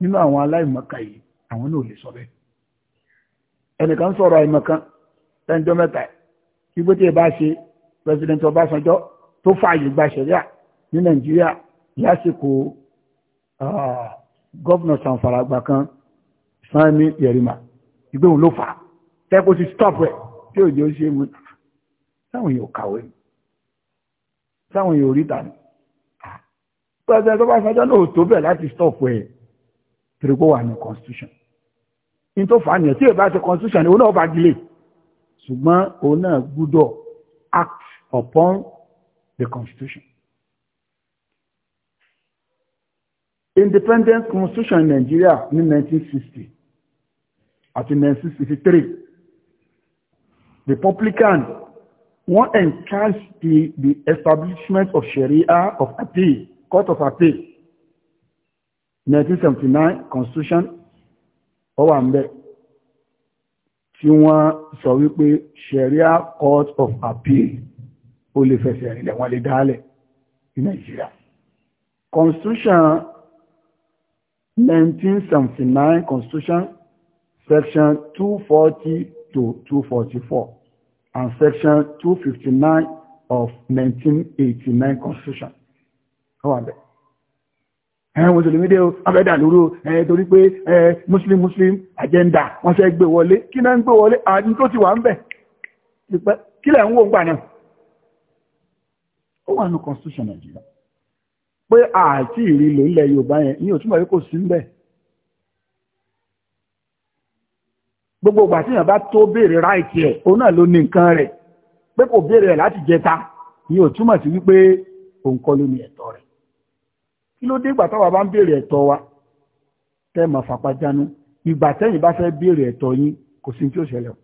nínú àwọn aláìmọ̀kà yìí àwọn náà lè sọ bẹ́ẹ̀ ẹnìkan sọ̀rọ̀ àìmọ̀kan lẹ́njọ́ mẹ́ta ìgbé tí ẹ bá ṣe president Ọbásanjọ́ tó fààyè gba ṣẹ̀ríà ní nàìjíríà lásìkò gọ́vnà sanfara àgbà kan sanni yerima. ìgbéhùn ló fà á tẹ́kọ̀ sí stop rẹ̀ tí ò jẹ́ ó ṣe mú sáwọn èèyàn kàwé sáwọn èèyàn oríta ni pẹ́sẹ̀ tó bá sọjọ́ náà tó bẹ̀ láti stop rẹ̀ torí wà ní constitution in tó fà á nìyẹn tí èèyàn bá ṣe constitution ni òun náà bá dilé ṣùgbọ́n òun náà gbúdọ̀ act upon the constitution independent constitution Nigeria ní 1960 àti 1963 the republican wọ́n encourage the, the establishment of sharia of appeal court of appeal 1979 constitution ọwà ń bẹ tí wọ́n sọ wípé sharia court of appeal ó lè fẹsẹ̀ rìnlẹ̀ wọ́n lè dálẹ̀ ní Nigeria constitution 1979 Constitution, Section 240 to 244, and Section 259 of 1989 Constitution. Ó wà bẹ̀. Ẹ̀hẹ́n Mùsùlùmí dé abẹ́dà lóró ẹ̀ torí pé ẹ̀ Muslim Muslim agenda wọ́n ṣe gbé wọlé. Kí náà ń gbé wọlé? Àdín tó ti wà ń bẹ̀. Kí lẹ̀ ń wò ń gbà náà? Ó wà ní Constitution Nàìjíríà pé àti ìrìlò ilẹ̀ Yorùbá yẹn ní òtúmọ̀ yìí kò sí ń bẹ̀ gbogbo ìgbà tí èèyàn bá tó béèrè ráìtì ẹ̀ òun náà ló ní nǹkan rẹ̀ pé kò béèrè ẹ̀ láti jẹta ní òtúmọ̀ sí wípé òun kọ́ ló ní ẹ̀tọ́ rẹ̀ kí ló dé ìgbà táwa bá ń béèrè ẹ̀tọ́ wa tẹ́ mọ̀ fapá jánu ìgbà tẹ́yìn bá fẹ́ béèrè ẹ̀tọ́ yín kò sí tí ó ṣẹlẹ̀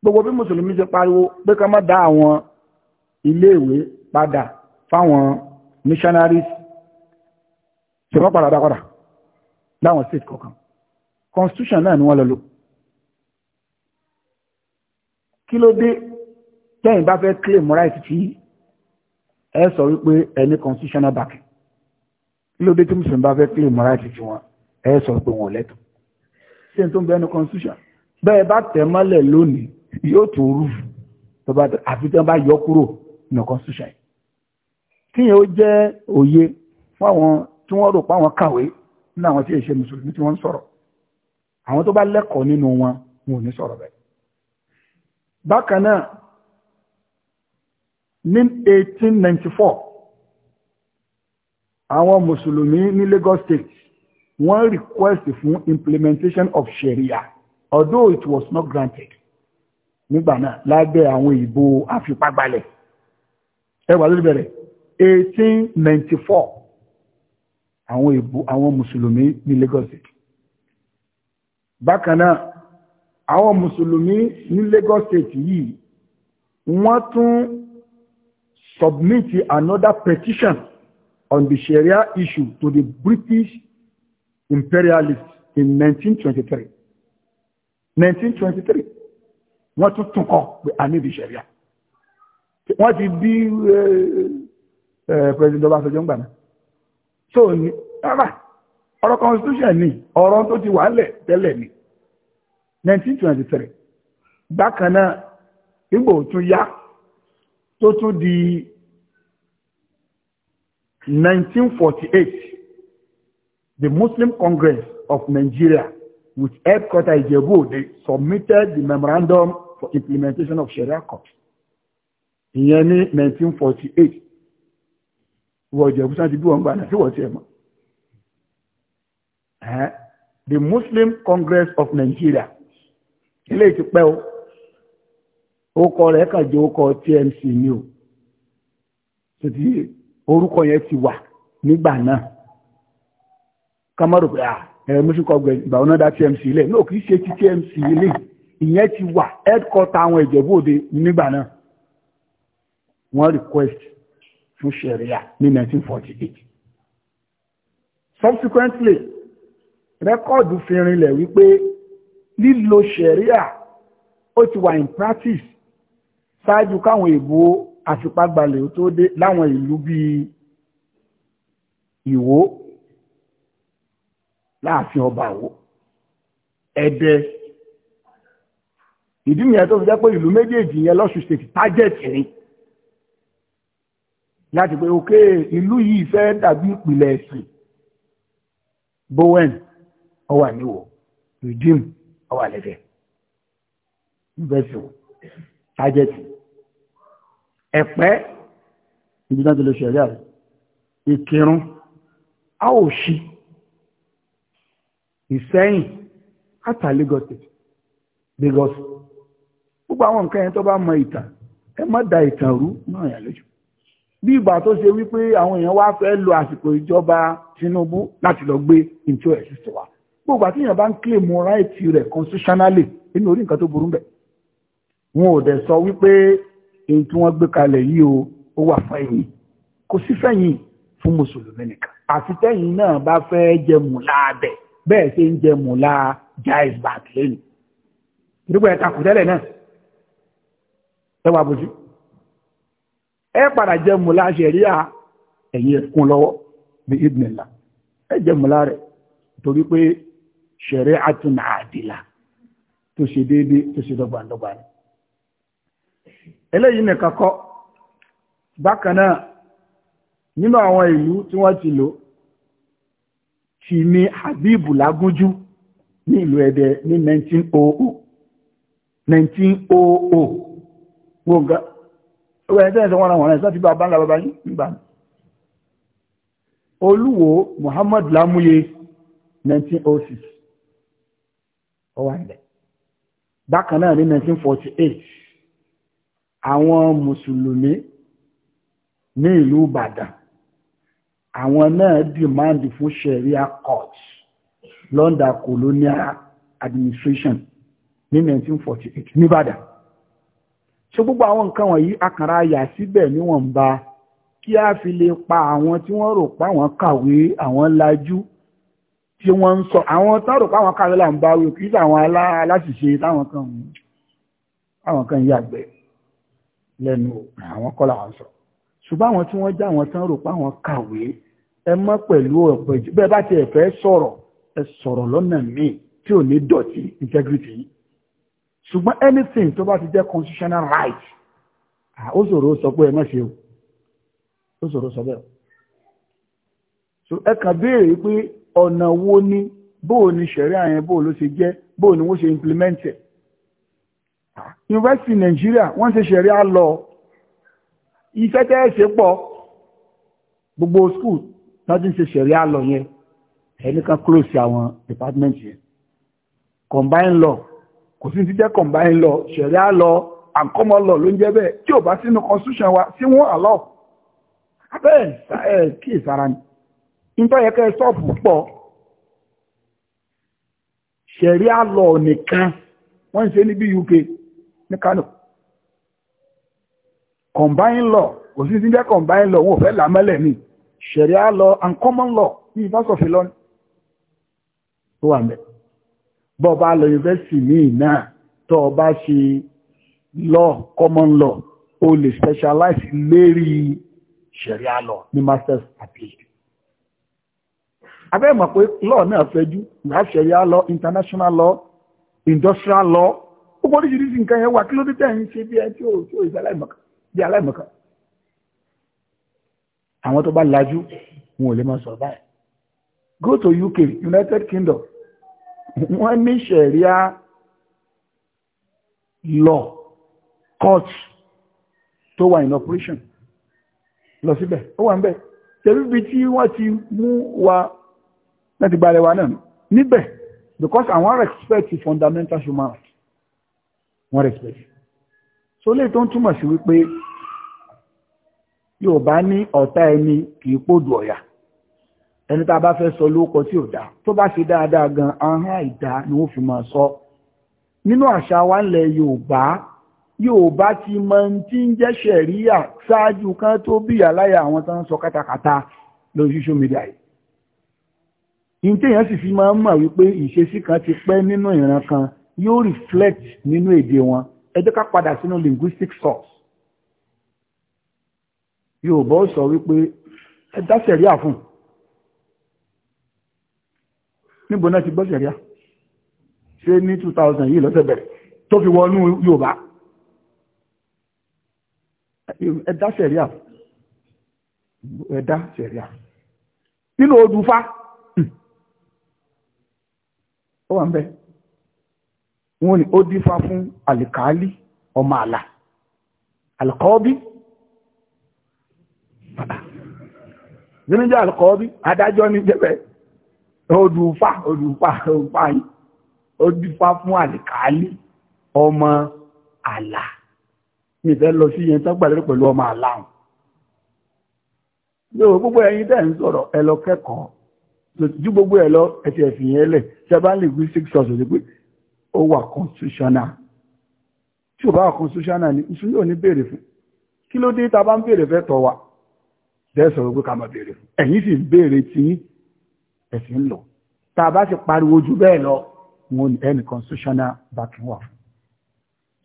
gbogbo bí mùsùlùmí ṣe pariwo pé ká má dá àwọn iléèwé padà fáwọn missionaries ṣe wọ́n padà dápadà láwọn state kọ̀ọ̀kan constitution náà ni wọ́n lọ lò kí ló dé tẹ́yìn bá fẹ́ claim right tí ẹ sọ wípé ẹni constitutional back kí ló dé tí mùsùlùmí bá fẹ́ claim right tí wọn ẹ sọ pé wọn ò lẹ́tọ̀ọ́ n tó ń bẹ ẹni constitution bẹ́ẹ̀ bá tẹ̀ mọ́lẹ̀ lónìí yóò tún rúfù tó bá àfi tí wọ́n bá yọ kúrò ní constitution yìí kíyàn ó jẹ́ òye fún àwọn tí wọ́n rò pa àwọn kàwé nínú àwọn tí èṣe mùsùlùmí tí wọ́n sọ̀rọ̀ àwọn tó bá lẹ́kọ̀ọ́ nínú wọn wọn ò ní sọ̀rọ̀ bẹ́ẹ̀ bákan ní 1894 àwọn mùsùlùmí ní Lagos State wọ́n request fún implementation of Sharia although it was not granted nígbà náà lábẹ́ àwọn ìbò àfipágbalẹ̀ ẹwà lórí bẹ̀rẹ̀ 1894 àwọn ìbò àwọn mùsùlùmí ní Lagos State bákan náà àwọn mùsùlùmí ní Lagos State yìí wọ́n tún submit another petition on the Sharia issue to the British imperialists in 1923 1923 wọ́n tún tún kọ́ pé a níbi Sharia wọ́n ti bí eh, Eh, president Ọbásanjọ́ ń gbà náà so ní rárá ọ̀rọ̀ constitution ni ọ̀rọ̀ tó ti wà lẹ̀ tẹ́lẹ̀ ni 1923 bákan náà Ìgbò tún yá tó tún di 1948 the Muslim Congress of Nigeria with headquarter Ijebu they submitted the memorandum for implementation of Sharia court ìyẹn ní 1948 wọ ìjẹ̀bú ti bí wọn gbà náà sí wọ́n ti the Muslim Congress of Nigeria ilé ti pẹ́ o orúkọ rẹ̀ kàn jẹ́ orúkọ TMC ni o títí orúkọ yẹn ti wà nígbà náà kamaru pé ẹ̀rọ Muslim Congress ìgbà wọn náà dá TMC ilé náà kì í ṣe ti TMC ilé ìyẹn ti wà headquarter àwọn ìjẹ̀bú òde nígbà náà wọ́n request fún ṣẹ̀ríà ní 1948. subsequently rẹ́kọ́ọ̀dù fi rinlẹ̀ wípé lílo ṣẹ̀ríà ó ti wà in practice ṣáájú káwọn èbó àfipágbalẹ̀ ó tó dé láwọn ìlú bíi ìwó láàfin ọba àwó ẹ̀dẹ́ ìdí nìyẹn tó fi jẹ́ pé ìlú méjèèjì yẹn lọ́sùn state target ni láti pé òkè ìlú yìí fẹ́ dàbí ìpìlẹ̀ ẹ̀sìn Bowen ọwà níwò Redeem ọwà lẹ́fẹ̀ẹ́ vessel target ẹ̀pẹ́ ìdíná tó lè ṣẹ̀rí àrẹ ìkírun a ò ṣí ìsẹ́yìn àtà Lagos Lagos gbogbo àwọn nǹkan yẹn tó bá mọ ìtàn ẹ má da ìtàn rú náà yà lójú bí ìgbà tó ṣe wípé àwọn èèyàn wá fẹ́ lo àsìkò ìjọba Tinubu láti lọ gbé into exist wa gbogbo àti èèyàn bá ń claim right rẹ̀ constitutionally nínú orí nǹkan tó burú bẹ̀ wọn ò dẹ̀ sọ wípé èyí tí wọ́n gbé kalẹ̀ yìí o ó wà fẹ́yìn kò sí fẹ́yìn fún mùsùlùmí nìkan àti tẹ́yìn náà bá fẹ́ jẹ mùlá bẹ̀ bẹ́ẹ̀ ṣe ń jẹ mùlá jaiz bank ìdúgbò ẹ̀ka kò tẹ́lẹ̀ náà ẹ wà bójú ẹ padà jẹ mùlá ṣẹ̀ríà ẹ̀yìn ẹ̀kún lọ́wọ́ bí ìdìnnìlá ẹ jẹ rẹ̀ torí pé ṣẹ̀rí àtún àdìlà tó ṣe déédé tó ṣe dọ́gbàndọ́gbà rẹ̀ eléyìí nìkan kọ́ bákan náà nínú àwọn ìlú tí wọ́n ti lò ti ní Habibu Lágúnjú ní ẹgbẹ́ ẹ̀tẹ́ ẹ̀sẹ̀ wọ́n àwọn ẹ̀sẹ́ ti bá bá ńlá bàbá yìí nígbà olúwo Muhammad Lámúyé 1906 ọwà ilẹ̀ bákan náà ní 1948 àwọn mùsùlùmí ní ìlú Ìbàdàn àwọn náà dìmáàdì fún sharia court London colonial administration ní 1948 ní Ìbàdàn ṣe gbogbo àwọn nǹkan wọ̀nyí akànra yà síbẹ̀ níwọ̀nba kí a fi lè pa àwọn tí wọ́n rò pa àwọn kàwé àwọn lajú tí wọ́n ń sọ àwọn tó rò pa àwọn kàwé là ń bá wí kí àwọn aláṣìṣe táwọn kan ń àwọn kan yàgbẹ́ lẹ́nu àwọn kọ́ làwọn sọ ṣùgbọ́n àwọn tí wọ́n já àwọn tó rò pa àwọn kàwé ẹ mọ́ pẹ̀lú ọ̀pẹ̀jù bẹ́ẹ̀ bá ti ẹ̀fẹ́ sọ̀rọ̀ ẹ sọ̀rọ̀ lọ́nà míì tí ò ní dọ̀tí integrity yìí ṣùgbọ́n anything tó bá ti jẹ́ constitutional right ó ṣòro sọ pé ẹ má ṣe o ó ṣòro sọ bẹ́ẹ̀ so ẹ kàn béèrè pé ọ̀nà wo ni bóò ni ṣẹ̀rí àyẹn bóò ló ṣe jẹ́ bóò ni wọ́n ṣe implement ẹ̀ university Nigeria wọ́n ṣe ṣẹ̀rí à lọ iṣẹ́ tẹ́ ẹ ṣe pọ̀ gbogbo school náà ti ń ṣe ṣẹ̀rí à lọ yẹn ẹnìkan close àwọn department yẹn combined law kò sí ti jẹ́ combine law ṣẹ̀ríà law and common law ló ń jẹ́ bẹ́ẹ̀ tí ò bá sínú constitution wa sí wọ́n àlọ́ bẹ́ẹ̀ ẹ̀ kí ìsara ni nítorí ẹ̀ka ṣọ́ọ̀bù pọ̀ ṣẹ̀ríà law nìkan wọ́n ń ṣe níbi UK ní Kano combine law kò sí ti jẹ́ combine law wọn ò fẹ́ làmọ́lẹ̀ ni ṣẹ̀ríà law and common law ní ìfásọ̀fẹ́ lọ́nà tó wà mẹ́rin bọ́ bá lọ yunifásitì míì náà tó o ṣe law common law o lè specialize lérí sharia law ní masters degree abẹ́ mọ̀ pé law náà fẹ́jú we have sharia law international law industrial law ó bọ́ oríṣiríṣi nǹkan yẹn wà kí ló dé tẹ̀ ń ṣe bí ẹ tí ò tí ò ìṣe aláìmọ̀kan àwọn tó bá lajú wọn ò lè máa sọ báyìí go to UK United Kingdom wọ́n ní ṣẹ̀ríà law court tó wà in operation lọ síbẹ̀ ó wà ń bẹ̀ tẹ̀lúbi tí wọ́n ti mú wa láti gbalẹ̀ wa náà níbẹ̀ because I àwọn respect fundamental human rights wọ́n respect so lè tó ń túmọ̀ sí wípé yóò bá ní ọ̀tá ẹni kìí pòdù ọ̀yà ẹni tá a bá fẹ́ sọ lóókọ tí ò dáa tó bá ṣe dáadáa gan ahọ́n àìdá ni wọ́n fi máa sọ nínú àṣà wa ńlẹ̀ Yorùbá Yorùbá ti mọ tí ń jẹ́ ṣẹ̀ríyà ṣáájú kan tó bíyà láyà àwọn tó ń sọ kátàkátà lórí social media yìí in téèyàn sì fi máa ń mọ̀ wípé ìṣesí kan ti pẹ́ nínú ìran kan yóò reflect nínú èdè wọn ẹ ká padà sínú linguistic source Yorùbá ó sọ wípé ẹ dá sẹ̀ríà fún un níbo náà ti gbọ́ sẹ̀ríà ṣe ní 2000 yìí lọ́sẹ̀ bẹ̀rẹ̀ tó fi wọnú Yorùbá ẹ̀dá sẹ̀ríà ẹ̀dá sẹ̀ríà nínú odùfá ó wà ń bẹ wọ́n ni ó dífá fún àlìkàálí ọmọ àlà àlìkọ́ọ́bí gbẹ́nìjà àlìkọ́ọ́bí adájọ́ ní jẹ́bẹ̀ẹ́ Odufa, odufa, odufa, yìí odùfà fún àlìkàálì ọmọ àlà mi fẹ́ lọ sí yẹn tán gbàdúrà pẹ̀lú ọmọ àlà hàn yóò gbogbo ẹ̀yin tẹ́ ń sọ̀rọ̀ ẹ lọ kẹ́kọ̀ọ́ ju gbogbo ẹ lọ ẹsẹ ẹsìn yẹn lẹ seven linguistic sources pé ó wà constitutional tí ò bá wà constitutional ni ìṣú yóò ní béèrè fún kí ló dé tá a bá ń béèrè fẹ́ tọ́ wa bẹ́ẹ̀ sọ̀rọ̀ pé ká máa béèrè fún ẹ̀yin sì ń béèrè tiyín ẹ̀sìn ń lò tá a bá sì pariwo jù bẹ́ẹ̀ lọ wọn ní constitutional backing wà fún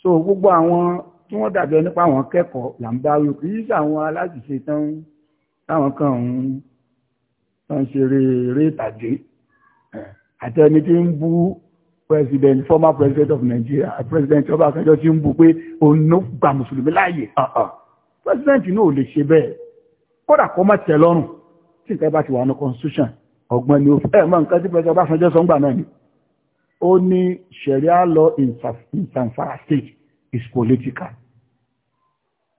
so gbogbo àwọn tí wọ́n dàbí ẹ nípa àwọn kẹ́kọ̀ọ́ là ń bá wí kì í ṣe àwọn aláṣìṣe tán táwọn kan ń tán ṣeré eré ìtàgé àti ẹni tí ń bú president former president of Nigeria president ọba akẹjọ tí ń bú pé òun ló gba mùsùlùmí láàyè ah, ah. president náà ò lè ṣe bẹ́ẹ̀ kódà kó má tẹ́ lọ́rùn tí nǹkan bá ti wà ní constitution ọgbọ́n ni ó fẹ́ mọ́ nǹkan tí pẹ̀lú ọbásanjọ́ sọ ń gbà náà ni ó ní sharia law in Zamfara state is political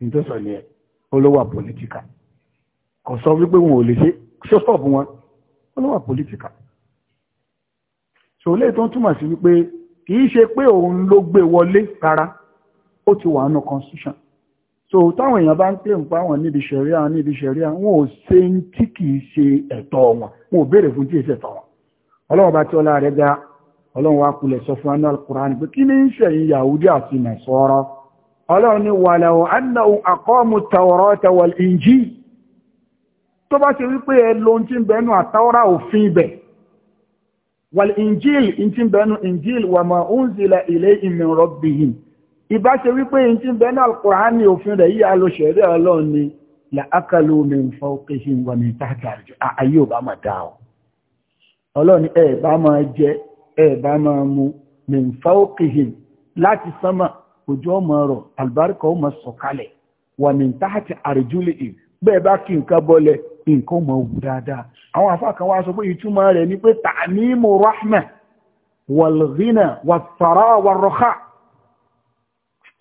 nítòsọ ni ẹ olówà political kò sọ wípé wọn ò lè ṣe ṣọ́ọ̀bù wọn olówà political ṣòlẹ́ tó ń túmọ̀ sí wípé kì í ṣe pé òun ló gbé wọlé rárá ó ti wà nù constitution so táwọn èèyàn bá ń pè ń pa wọn níbi ṣẹ̀ríà níbi ṣẹ̀ríà wọn ò ṣe ń tí kìí ṣe ẹ̀tọ́ wọn wọn ò béèrè fún tí èsì ẹ̀tọ́ wọn ọlọ́run bá tí ọlá rẹ̀ ga ọlọ́run wá kulẹ̀ sọ fún anal Qur'an pé kí ní ń ṣẹ̀yìn Yahudi àti Nasara ọlọ́run ní walaw annahum aqamu at-Tawrata wal-Injil tó bá ṣe wípé ẹ lo ohun tí ń bẹnu àtàwọ́rá òfin ibẹ̀ wal-Injil ohun tí ń bẹnu Injil wa ma ìbá ṣe wípé yìí tí ń bẹ náà Kùránì òfin rẹ̀ yíya ló ṣẹ̀rẹ̀ ọlọ́run ni làákàlù omi nǹfọ́ kéṣe ń wọmi táàtà àjọ ayé ò bá máa dá ọ ọlọ́run ẹ bá máa jẹ ẹ bá máa mu nǹfọ́ kéṣe láti sánmà òjò ọmọ rọ àlùbáríkà ó máa sọ̀kalẹ̀ wọmi táàtà àrùjúlẹ̀ ì bẹ́ẹ̀ bá kí nǹkan bọ́lẹ̀ nǹkan mọ̀ wù dáadáa àwọn àfáà kan sọ pé ìtumọ̀ rẹ̀ ni pé tààmì mu rahma wàlghina wàtàrà wàrọ̀kà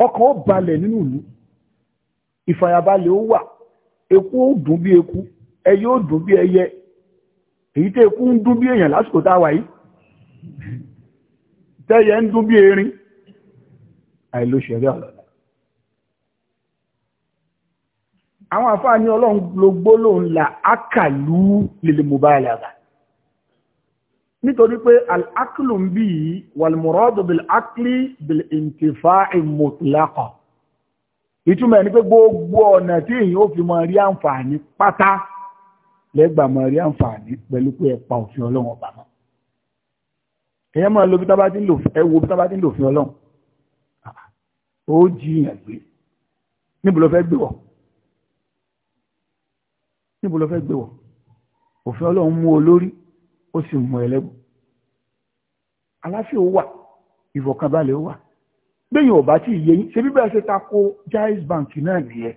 ọkàn ó balẹ̀ nínú ìlú ìfàyàbalẹ̀ ó wà eku ó dùn bí eku ẹyẹ ó dùn bí ẹyẹ èyí tẹ́ eku ń dún bí èèyàn lásìkò tá a wà yìí tẹ́yẹ ń dún bí erin àìlóṣẹ̀rí ọ̀lọ́lá àwọn àfáà ní gbogbo lòun la ákàlù lèlè mobile àgbà nítorí pé al-aklu ń bí yìí wal-muradu bil-akli bil-intifa'i mutlaqa ìtumọ̀ ẹni pé gbogbo ọ̀nà tí èyàn ó fi máa rí àǹfààní pátá lẹ́gbà máa rí àǹfààní pẹ̀lú pé ẹ̀pa òfin ọlọ́run ọba mọ́ ẹ̀yẹ́ máa lo bí tábà ó sì mú ẹlẹ́bù aláfíà ó wà ìfọ̀kànbalẹ̀ ó wà gbẹ̀yìn ọ̀bá tí ìyẹ yín ṣe bíbẹ̀ ṣe tako Jaiz Bank náà nìyẹn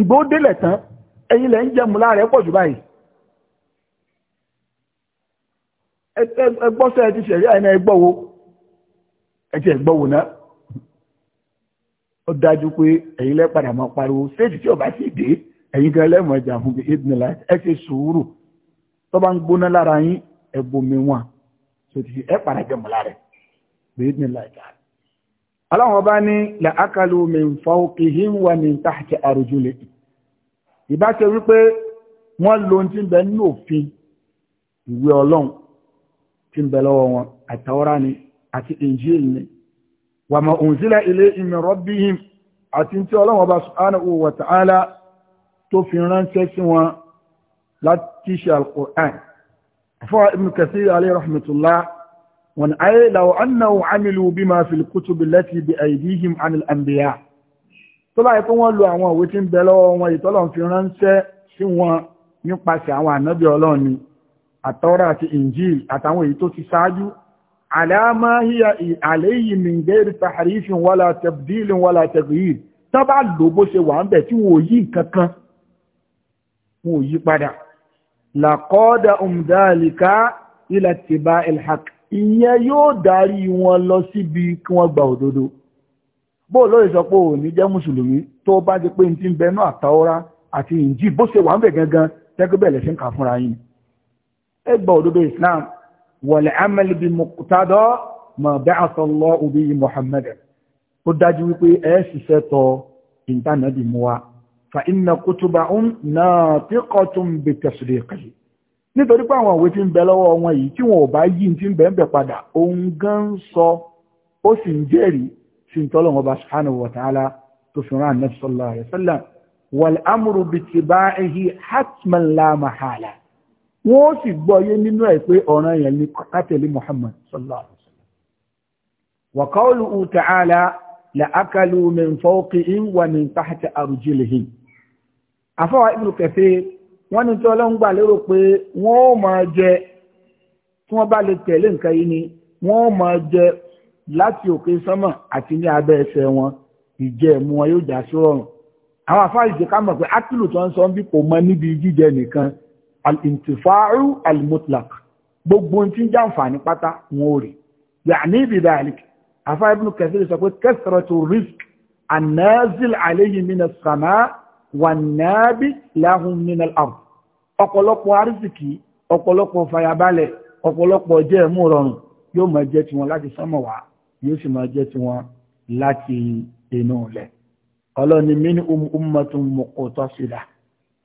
ìgbó délẹ̀ tán ẹ̀yin lẹ̀ ń jẹun láàrẹ̀ pọ̀ jù báyìí ẹgbọ́sẹ̀ ti ṣẹ̀rí àìní ẹgbọ́wó ẹ̀tí ẹgbọ́wó náà ó dájú pé ẹ̀yin lẹ́ padà máa pariwo stéèjì tí ọ̀bá sì dé ẹ̀yin gan lẹ́mọ̀ ẹjà fún bí ẹ̀dùnlá ẹ ṣe sùúrù tó bá ń gbóná lára yín ẹ̀bùnmi wọn tó ti ẹ̀ padà jẹ̀mọ̀ lára ẹ̀ bẹ́ẹ̀ ní láìka. aláwọ̀ bá ní làákàlù min fawqihim wa min tahti arjulihim ìbá ṣe wípé wọ́n lo ti ń bẹ nínú òfin ìwé ọlọ́run tí ń bẹ lọ́wọ́ wọn àtàwọ́rá ni àti Injil ni wa ma unzila ilayhim min rabbihim àti tí ọlọ́run ọba subhanahu wa ta'ala tó fi ránṣẹ́ sí wọn láti ṣe alkùrán fún ibn Kathir alayhi rahmatullah wọn ayé law annahu amilu bima fil kutubi lati bi aidihim anil anbiya tó báyìí kó wọ́n lo àwọn òwe tí ń bẹ lọ́wọ́ wọn ìtọ́lọ̀ fi ránṣẹ́ sí wọn nípasẹ̀ àwọn ànábì ọlọ́run ni àtọ́rà àti injil àtàwọn èyí tó ti ṣáájú alama hiya alayhi min ghairi tahrifin wala tabdilin tó bá lò bó ṣe wà ń bẹ̀ tí wọn yí nǹkan kan wọn yí padà làkọ́dà umdalika ila tiba ilhaq ìyẹn yóò darí wọn lọ síbi kí wọ́n gba òdodo bó lóye sọ pé òní jẹ́ mùsùlùmí tó bá jẹ́ pé ní ti ń bẹnu àtàwọ́rá àti ìjì bó ṣe wà ń bẹ̀ gangan tẹ́gbẹ́ bẹ̀rẹ̀ sí ń kà fúnra yín ẹ gba òdodo islam wal amal bi muqtada ma ba'atha Allahu bihi Muhammad ó dájú wípé ẹ ṣiṣẹ́ tọ ìtànà bí mu wa فإن كتب ناطقة بتصديقه nítorí pé àwọn òwe tí ń bẹ lọ́wọ́ wọn yìí tí wọn ò bá yí tí ń bẹ ń bẹ padà òun gan ń sọ ó sì ń jẹ́rìí sí ń tọ́lọ̀ wọn bá subhanahu tó fi rán ànábì sallallahu alaihi wasallam wal amru bittiba'ihi hatman la mahala wọn ó sì gbọ́ yé nínú ẹ̀ pé ọ̀ràn yẹn ni kátẹ́lí Muhammad sallallahu alaihi wasallam wa qawluhu ta'ala la akalu min fawqihim wa min tahti arjulihim àfọwà ibùdó kẹfẹ wọ́n ní tí ọlọ́run gbà lérò pé wọ́n ó máa jẹ tí wọ́n bá lè tẹ̀lé nǹkan yìí ni wọ́n ó máa jẹ láti òkè sánmọ̀ àti ní abẹ́ ẹsẹ̀ wọn ìjẹ ẹ̀mú wọn yóò já sí rọrùn àwọn àfáà ìjẹ ká mọ̀ pé ákìlù tó ń sọ bí kò mọ níbi jíjẹ nìkan al-intifa'u gbogbo ohun tí ń jàǹfààní pátá wọn ò rè yàní ìbìdá àlìk àfáà ibùdó kẹfẹ sọ pé kasratu rizq an-nazil wànábí láhùn nínú àrùn ọ̀pọ̀lọpọ̀ arísìkì ọ̀pọ̀lọpọ̀ fàyàbalẹ̀ ọ̀pọ̀lọpọ̀ jẹ́ ẹ̀mú rọrùn yóò máa jẹ́ tiwọn láti sánmọ̀ wá yóò sì máa jẹ́ tiwọn láti inú ilẹ̀ ọlọ́ni mini um, ummatun muqtasida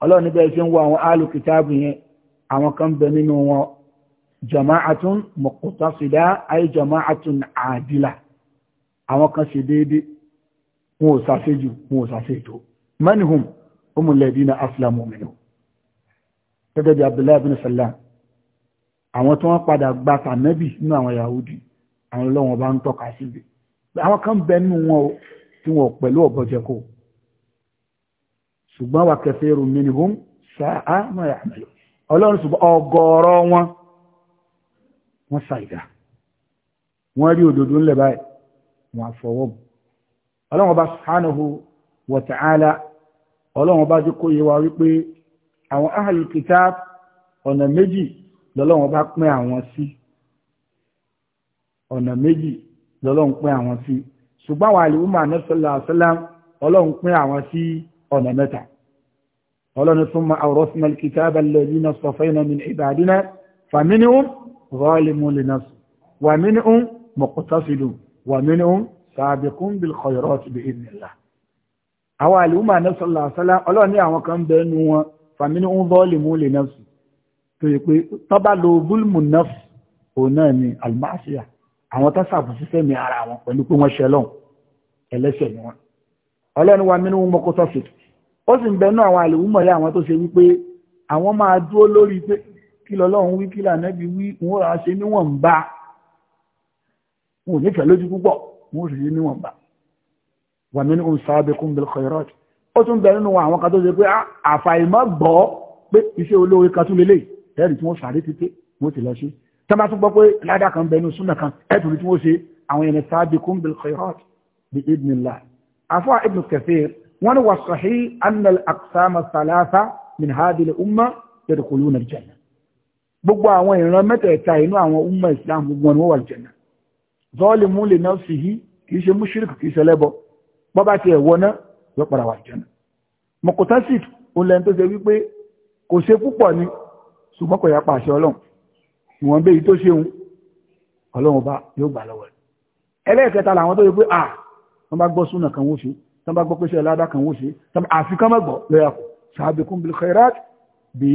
ọlọ́ni bẹ́ẹ̀ ṣe ń wọ àwọn alùkìtàbù yẹn àwọn kan bẹ nínú wọn jama'atun muqtasida ay jama'atun adila àwọn kan ṣe déédéé wọn ò ṣàṣejù wọn ò ṣàṣejù manhum humul ladina aslamu minhu gẹ́gẹ́ bí abdullahi bin salam àwọn tí wọ́n padà gba tànẹ́bì nínú àwọn yahudi àwọn ọlọ́wọ́n bá ń tọ́ka síbi àwọn kan bẹ nínú wọn tí wọn pẹ̀lú ọ̀bọ̀jẹ̀kọ ṣùgbọ́n wà kathiru minhum sa'a ma ya'malu ọlọ́run ṣùgbọ́n ọgọ́rọ̀ wọn wọ́n ṣàìdá wọ́n rí òdòdó ńlẹ̀ báyìí wọ́n àfọwọ́ ọlọ́run ọba subhanahu wa ta'ala ọlọ́run bá ti kó yé wa wípé àwọn ahlul kitab ọ̀nà méjì lọ́lọ́run bá pín àwọn sí ọ̀nà méjì lọ́lọ́run pín àwọn sí ṣùgbọ́n àwọn àlùmọ́ ànásọ́lá àṣálá ọlọ́run pín àwọn sí ọ̀nà mẹ́ta ọlọ́run thumma awrasna al-kitaba alladhina istafayna min ibadina faminhum zalimun li nafsi wa minhum muqtasidun wa minhum sabiqun bil khayrati bi idhnillah àwọn àlùmọ̀ anẹ́sọ̀lá àṣálá ọlọ́ọ̀ni àwọn kan bẹ nu wọn fàmínú ń bọ́ọ̀lì mú lè nọ́ọ̀sì tó yẹ pé tọ́ba lo búlùmù nọ́ọ̀sì òun náà ni àlùmáṣíà àwọn tó ṣàbùsí fẹ́mi ara wọn pẹ̀lú pé wọ́n ṣẹlọ́n ẹlẹ́ṣẹ̀ ni wọn ọlọ́ọ̀ni wa mínú mọ́kótọ́ fi ó sì ń bẹ nú àwọn àlùmọ̀ yẹ àwọn wà mí ní sàábẹ̀kún bil khairat ó tún bẹ̀rẹ̀ nínú àwọn kan tó ṣe pé ah, àfàìmọ́ gbọ́ pé iṣẹ́ olóore kan tún lélẹ̀ ẹ̀rì tí wọ́n sàárè títí wọ́n ti lọ sí tí wọ́n bá tún gbọ́ pé ládà kan bẹ nínú súnà kan ẹ̀tùrú tí wọ́n ṣe àwọn yẹn sàábẹ̀kún bil khairat bi idhnillah afọ ibn Kathir bọ́bá ti ẹ̀wọ́ náà yọ padà wà jẹ́nà mọ̀kòtásìd ó lẹ́nu tó ṣe wípé kò ṣe púpọ̀ ni ṣùgbọ́n kò yá pàṣẹ ọlọ́run ìwọ̀n bẹ́ẹ̀ tó ṣeun ọlọ́run bá yóò gbà lọ́wọ́ rẹ̀ ẹlẹ́ẹ̀kẹta làwọn tó yẹ pé à wọ́n bá gbọ́ súnà kan wó ṣe tán bá gbọ́ pé ṣe ẹ̀ládà kan wó ṣe àfi kán mọ̀gbọ́ lọ́yà kù sàbíkún bil khairat bí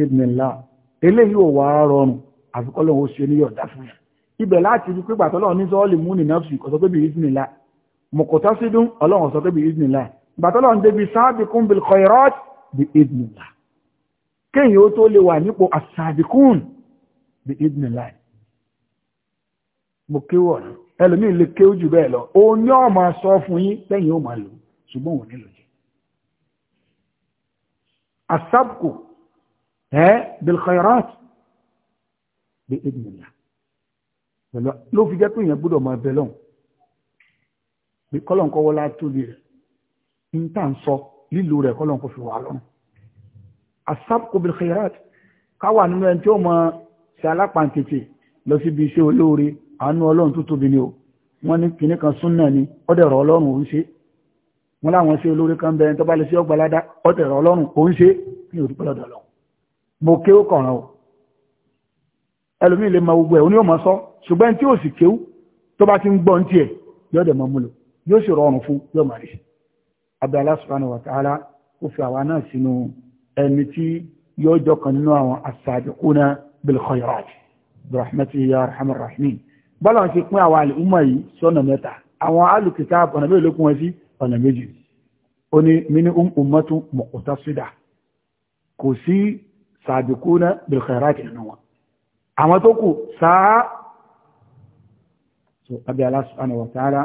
idnillah eléyìí ò wá rọrùn àfikọ́lọ́run ó ṣe níyọ̀ dá fún yà ibẹ̀ láti rí pé gbàtọ́lọ́run ní sọ́ọ́lì mú nìyàn fi kọ́sọ́ pé bí idnillah muqtasidun ọlọ́run sọ pé bí idinillah bàtọ́lọ̀ ń débi sabiqun bil khairat bí idinillah kéyìn ó tó lè wà nípò as-sabiqun bí idinillah mo kéwọ̀ ọ̀nà ẹlòmíì lè kéwù jù bẹ́ẹ̀ lọ òun ní ọmọ sọ fún yín lẹ́yìn ó máa lò ṣùgbọ́n òun nílò jẹ as-sabqu bil khairat bí idinillah ló fi jẹ́ pé èèyàn gbọ́dọ̀ máa bẹ lọ́hùn pé kọ́lọ̀nkọ́ wọlá tóbi rẹ̀ ń tà ń sọ lílo rẹ̀ kọ́lọ̀nkọ́ fi wà lọ́rùn asabqu bil khairat káwà nínú ẹni tí ó mọ ṣe alápàǹtẹ̀tẹ̀ lọ síbi iṣẹ́ olóore àánú ọlọ́run tó tóbi ni o wọ́n ní kinní kan súnà ni ọ̀dẹ̀ rọ̀ ọlọ́run òun ṣe wọ́n láwọn ṣe olóore kan bẹ́ẹ̀ tó bá lè ṣe ọgbàládá ọ̀dẹ̀ rọ̀ ọlọ́run òun ṣe ní òdúpẹ́ lọ́dọ̀ lọ mo kéwó kọ̀ràn o ẹlòmíì lè mọ gbogbo ẹ̀ oní ò mọ sọ ṣùgbọ́n tí ò sì kéwú tó bá ti ń gbọ́ ń tiẹ̀ yọ̀ọ́dẹ̀ mọ́ múlò yóò sì rọrùn fún yóò máa rí abẹ́ Allah subhanahu wa ta'ala ó fi àwa náà sínú ẹni tí yóò jọ kan nínú àwọn as-sabiquna bil khayrat bi rahmatihi ya arhamar rahimin bọ́lá ń ṣe pín àwọn àlùmọ̀ yìí sọ́nà mẹ́ta àwọn al-kitab ọ̀nà mẹ́rin lókun wọn sí ọ̀nà méjì ó ní minhum ummatun muqtasida kò sí sabiquna bil khayrat nínú wọn àwọn tó kù sáà so abẹ́ subhanahu wa ta'ala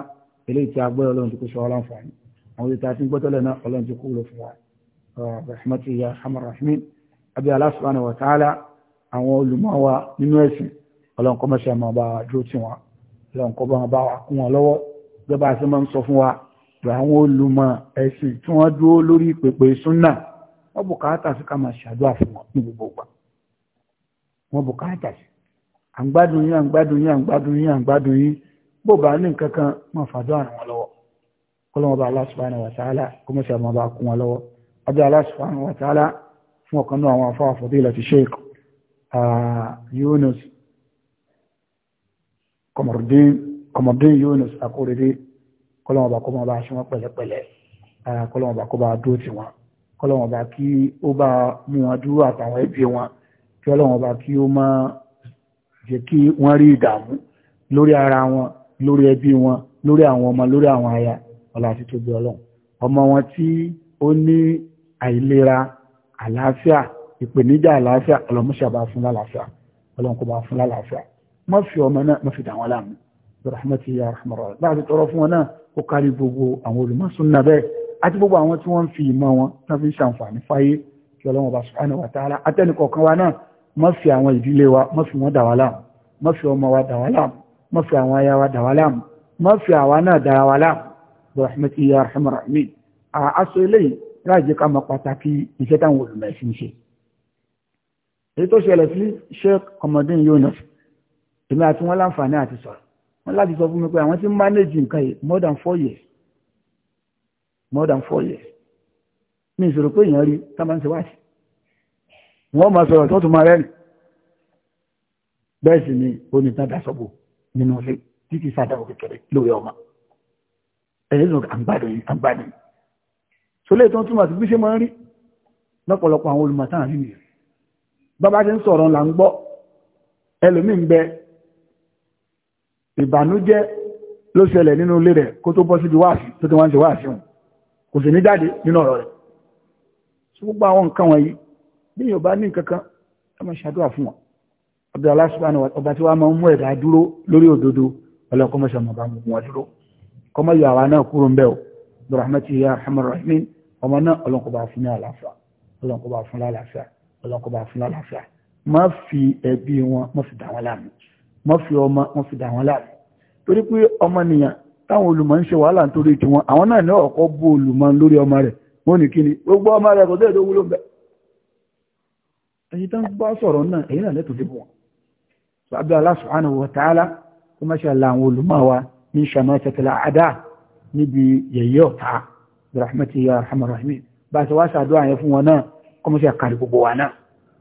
eléyìí tí a gbọ́ ọlọ́run ti kó sọ ọlọ́run fún àyìn àwọn ètò àti gbọ́tọ́lẹ̀ náà ọlọ́run ti kó lọ fún wa rahmatu ya hamar rahmin abi Allah subhanahu wa ta'ala àwọn olùmọ̀ wa nínú ẹ̀sìn ọlọ́run kọ́ mọ́ṣẹ́ máa bá dúró tì wọ́n ọlọ́run kọ́ bá wa kún wọn lọ́wọ́ gbẹ́bà sí máa ń sọ fún wa pé àwọn olùmọ̀ ẹ̀sìn tí wọ́n dúró lórí ìpèpè súnà wọ́n bùkátà sí ká máa ṣàdúrà fún wọn ní gbogbo ìgbà wọ́n bùkátà sí àǹgbádùn yín àǹgbádùn yín àǹgbádùn yín àǹgbádùn yín bó bá ní nǹkan kan máa fàdó àrùn wọn lọ́wọ́ kọ́lọ́wọ́ bá Allah subhanahu wa ta'ala kó mọ̀ sí àwọn bá kún wọn lọ́wọ́ abẹ́ Allah subhanahu wa ta'ala fún ọ̀kan náà àwọn afọ́ fadilati Sheikh Yunus Qamardeen Yunus Akorede kọ́lọ́wọ́ bá kó mọ̀ bá aṣọ wọn pẹ̀lẹ́pẹ̀lẹ́ kọ́lọ́wọ́ bá kó bá dó ti wọn kọ́lọ́wọ́ bá kí ó bá mú wọn dúró àtàwọn ẹbí wọn kí bá kí ó má jẹ́ kí wọ́n rí ìdààmú lórí ara wọn lórí ẹbí wọn lórí àwọn ọmọ lórí àwọn aya ọlá àti tóbi ọlọ́run ọmọ wọn tí ó ní àìlera àlàáfíà ìpèníjà àlàáfíà ọlọ́mọṣà bá fún lálàáfíà ọlọ́run kò bá fún lálàáfíà má fi ọmọ náà má fi dà wọn láàmú rahmatu ya rahmar rahim bá a ti tọrọ fún wọn náà ó kárí gbogbo àwọn olùmọ̀sùn náà bẹ́ẹ̀ àti gbogbo àwọn tí wọ́n ń fi ìmọ̀ wọn náà fi ń ṣàǹfààní fáyé kí ọlọ́run bá subhanahu wa ta'ala atẹ́nìkọ̀ọ̀kan wa náà má fi àwọn ìdílé wa má fi wọn dà wá láàmú má fi ọmọ wa dà wá láàmú má fi àwọn aya wa dà wá láàmú má fi àwa náà dára wa láàmú bọ̀ rahmatulahi ya rahman rahmin àásọ eléyìí láàjẹ́ ká mọ pàtàkì iṣẹ́ táwọn olùmọ̀ ẹ̀sìn ṣe. èyí tó ṣẹlẹ̀ sí Sheikh ọmọdé Yunus èmi àti wọn láǹfààní àti sọ̀rọ̀ wọn láti sọ fún mi pé àwọn ti ń manage nǹkan yìí more than four years more than four years mi ìṣòro pé èèyàn rí tábà ń ṣe wáṣí wọn máa sọ̀rọ̀ tó tún máa rẹ́rìn bẹ́ẹ̀ sì ni onítàdásọ́bò nínú ilé títí sádáwò kékeré lórí ọmọ ẹ̀yẹ́ lọ àgbàdàn yìí àgbàdàn yìí so lè tán túnmọ̀ sí bí ṣe máa ń rí lọ́pọ̀lọpọ̀ àwọn olùmọ̀tán rí nìyẹn bàbá ṣe ń sọ̀rọ̀ là ń gbọ́ ẹlòmíì ń bẹ ìbànújẹ́ ló ṣẹlẹ̀ nínú ilé rẹ̀ kó tó bọ́ síbi wáàsí tó ti wá ń ṣe wáàsí òun kò sì ní jáde nínú ọ̀rọ̀ rẹ̀ so àwọn nǹkan wọ̀nyí bí yóò bá ní nǹkan kan ẹ máa ṣàdúrà fún wọn ọbẹ̀ aláṣùpánu ọba tí wàá máa ń mú ẹ̀dá dúró lórí òdodo ọlọ́kọ́mọṣẹ́ ọmọba mú wọn dúró kọ́mọ yọ àwa náà kúrò ń bẹ̀ ọ́ rahmatu ya hamar rahmin ọmọ náà ọlọ́nkọ́ba fún àlàáfíà ọlọ́nkọ́ba fún àlàáfíà ọlọ́nkọ́ba fún àlàáfíà má fi ẹbí wọn má fi dà wọn láàmú má fi ọmọ má fi dà wọn láàmú torí pé ọmọnìyàn táwọn olùmọ̀ ń ṣe wàhálà nítorí tiwọn àwọn náà lórí ọmọ rẹ̀ wọ́n ní kíni gbogbo ọmọ rẹ̀ kò tẹ́lẹ̀ wúlò bẹ́ẹ̀ ẹ̀yin tó bá sọ̀rọ̀ náà ẹ̀yin náà lẹ́tọ̀ọ́ débò wọn àbí Allah subhanahu wa ta'ala kó má ṣe la àwọn olùmọ̀wá ní ṣàmọ́ṣẹ́kẹ̀lá àdá níbi yẹ̀yẹ́ ọ̀tá rahmat ya rahman rahim bá a ṣe wá ṣàdúrà yẹn fún wọn náà kó má ṣe kárí gbogbo wa náà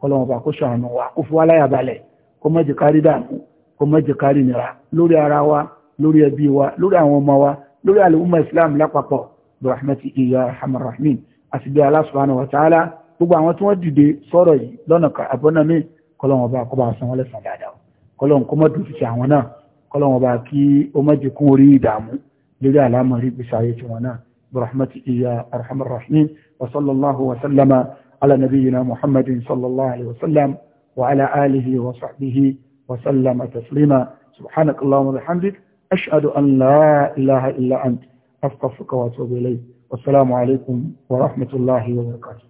kọlọ́wọ́n bá kó ṣàánú wa kó fún wa láyà balẹ̀ kó má jẹ́ kárí dààmú kó má jẹ́ kárí nira lórí ara wa lórí ẹbí wa lórí àwọn ọmọ wa lórí àlùmọ̀ islam lápapọ̀ rahmat ya rahman rahim àti bí Allah subhanahu wa ta'ala gbogbo àwọn tí wọ́n dìde sọ̀rọ̀ yìí lọ́nà àbọ̀nà mi kọlọ́wọ́n bá kọ́ bá san wọlé sàn dáadáa kọ́lọ́n kó mọ́dún ti àwọn náà kọ́lọ́n ọba kí ó mọ́jú kún orí ìdààmú lórí àlámọ̀rí gbèsè ayé tiwọn náà برحمتك يا أرحم الراحمين وصلى الله وسلم على نبينا محمد صلى الله عليه وسلم وعلى آله وصحبه وسلم تسليما سبحانك اللهم وبحمدك أشهد أن لا إله إلا أنت أستغفرك وأتوب إليك والسلام عليكم ورحمة الله وبركاته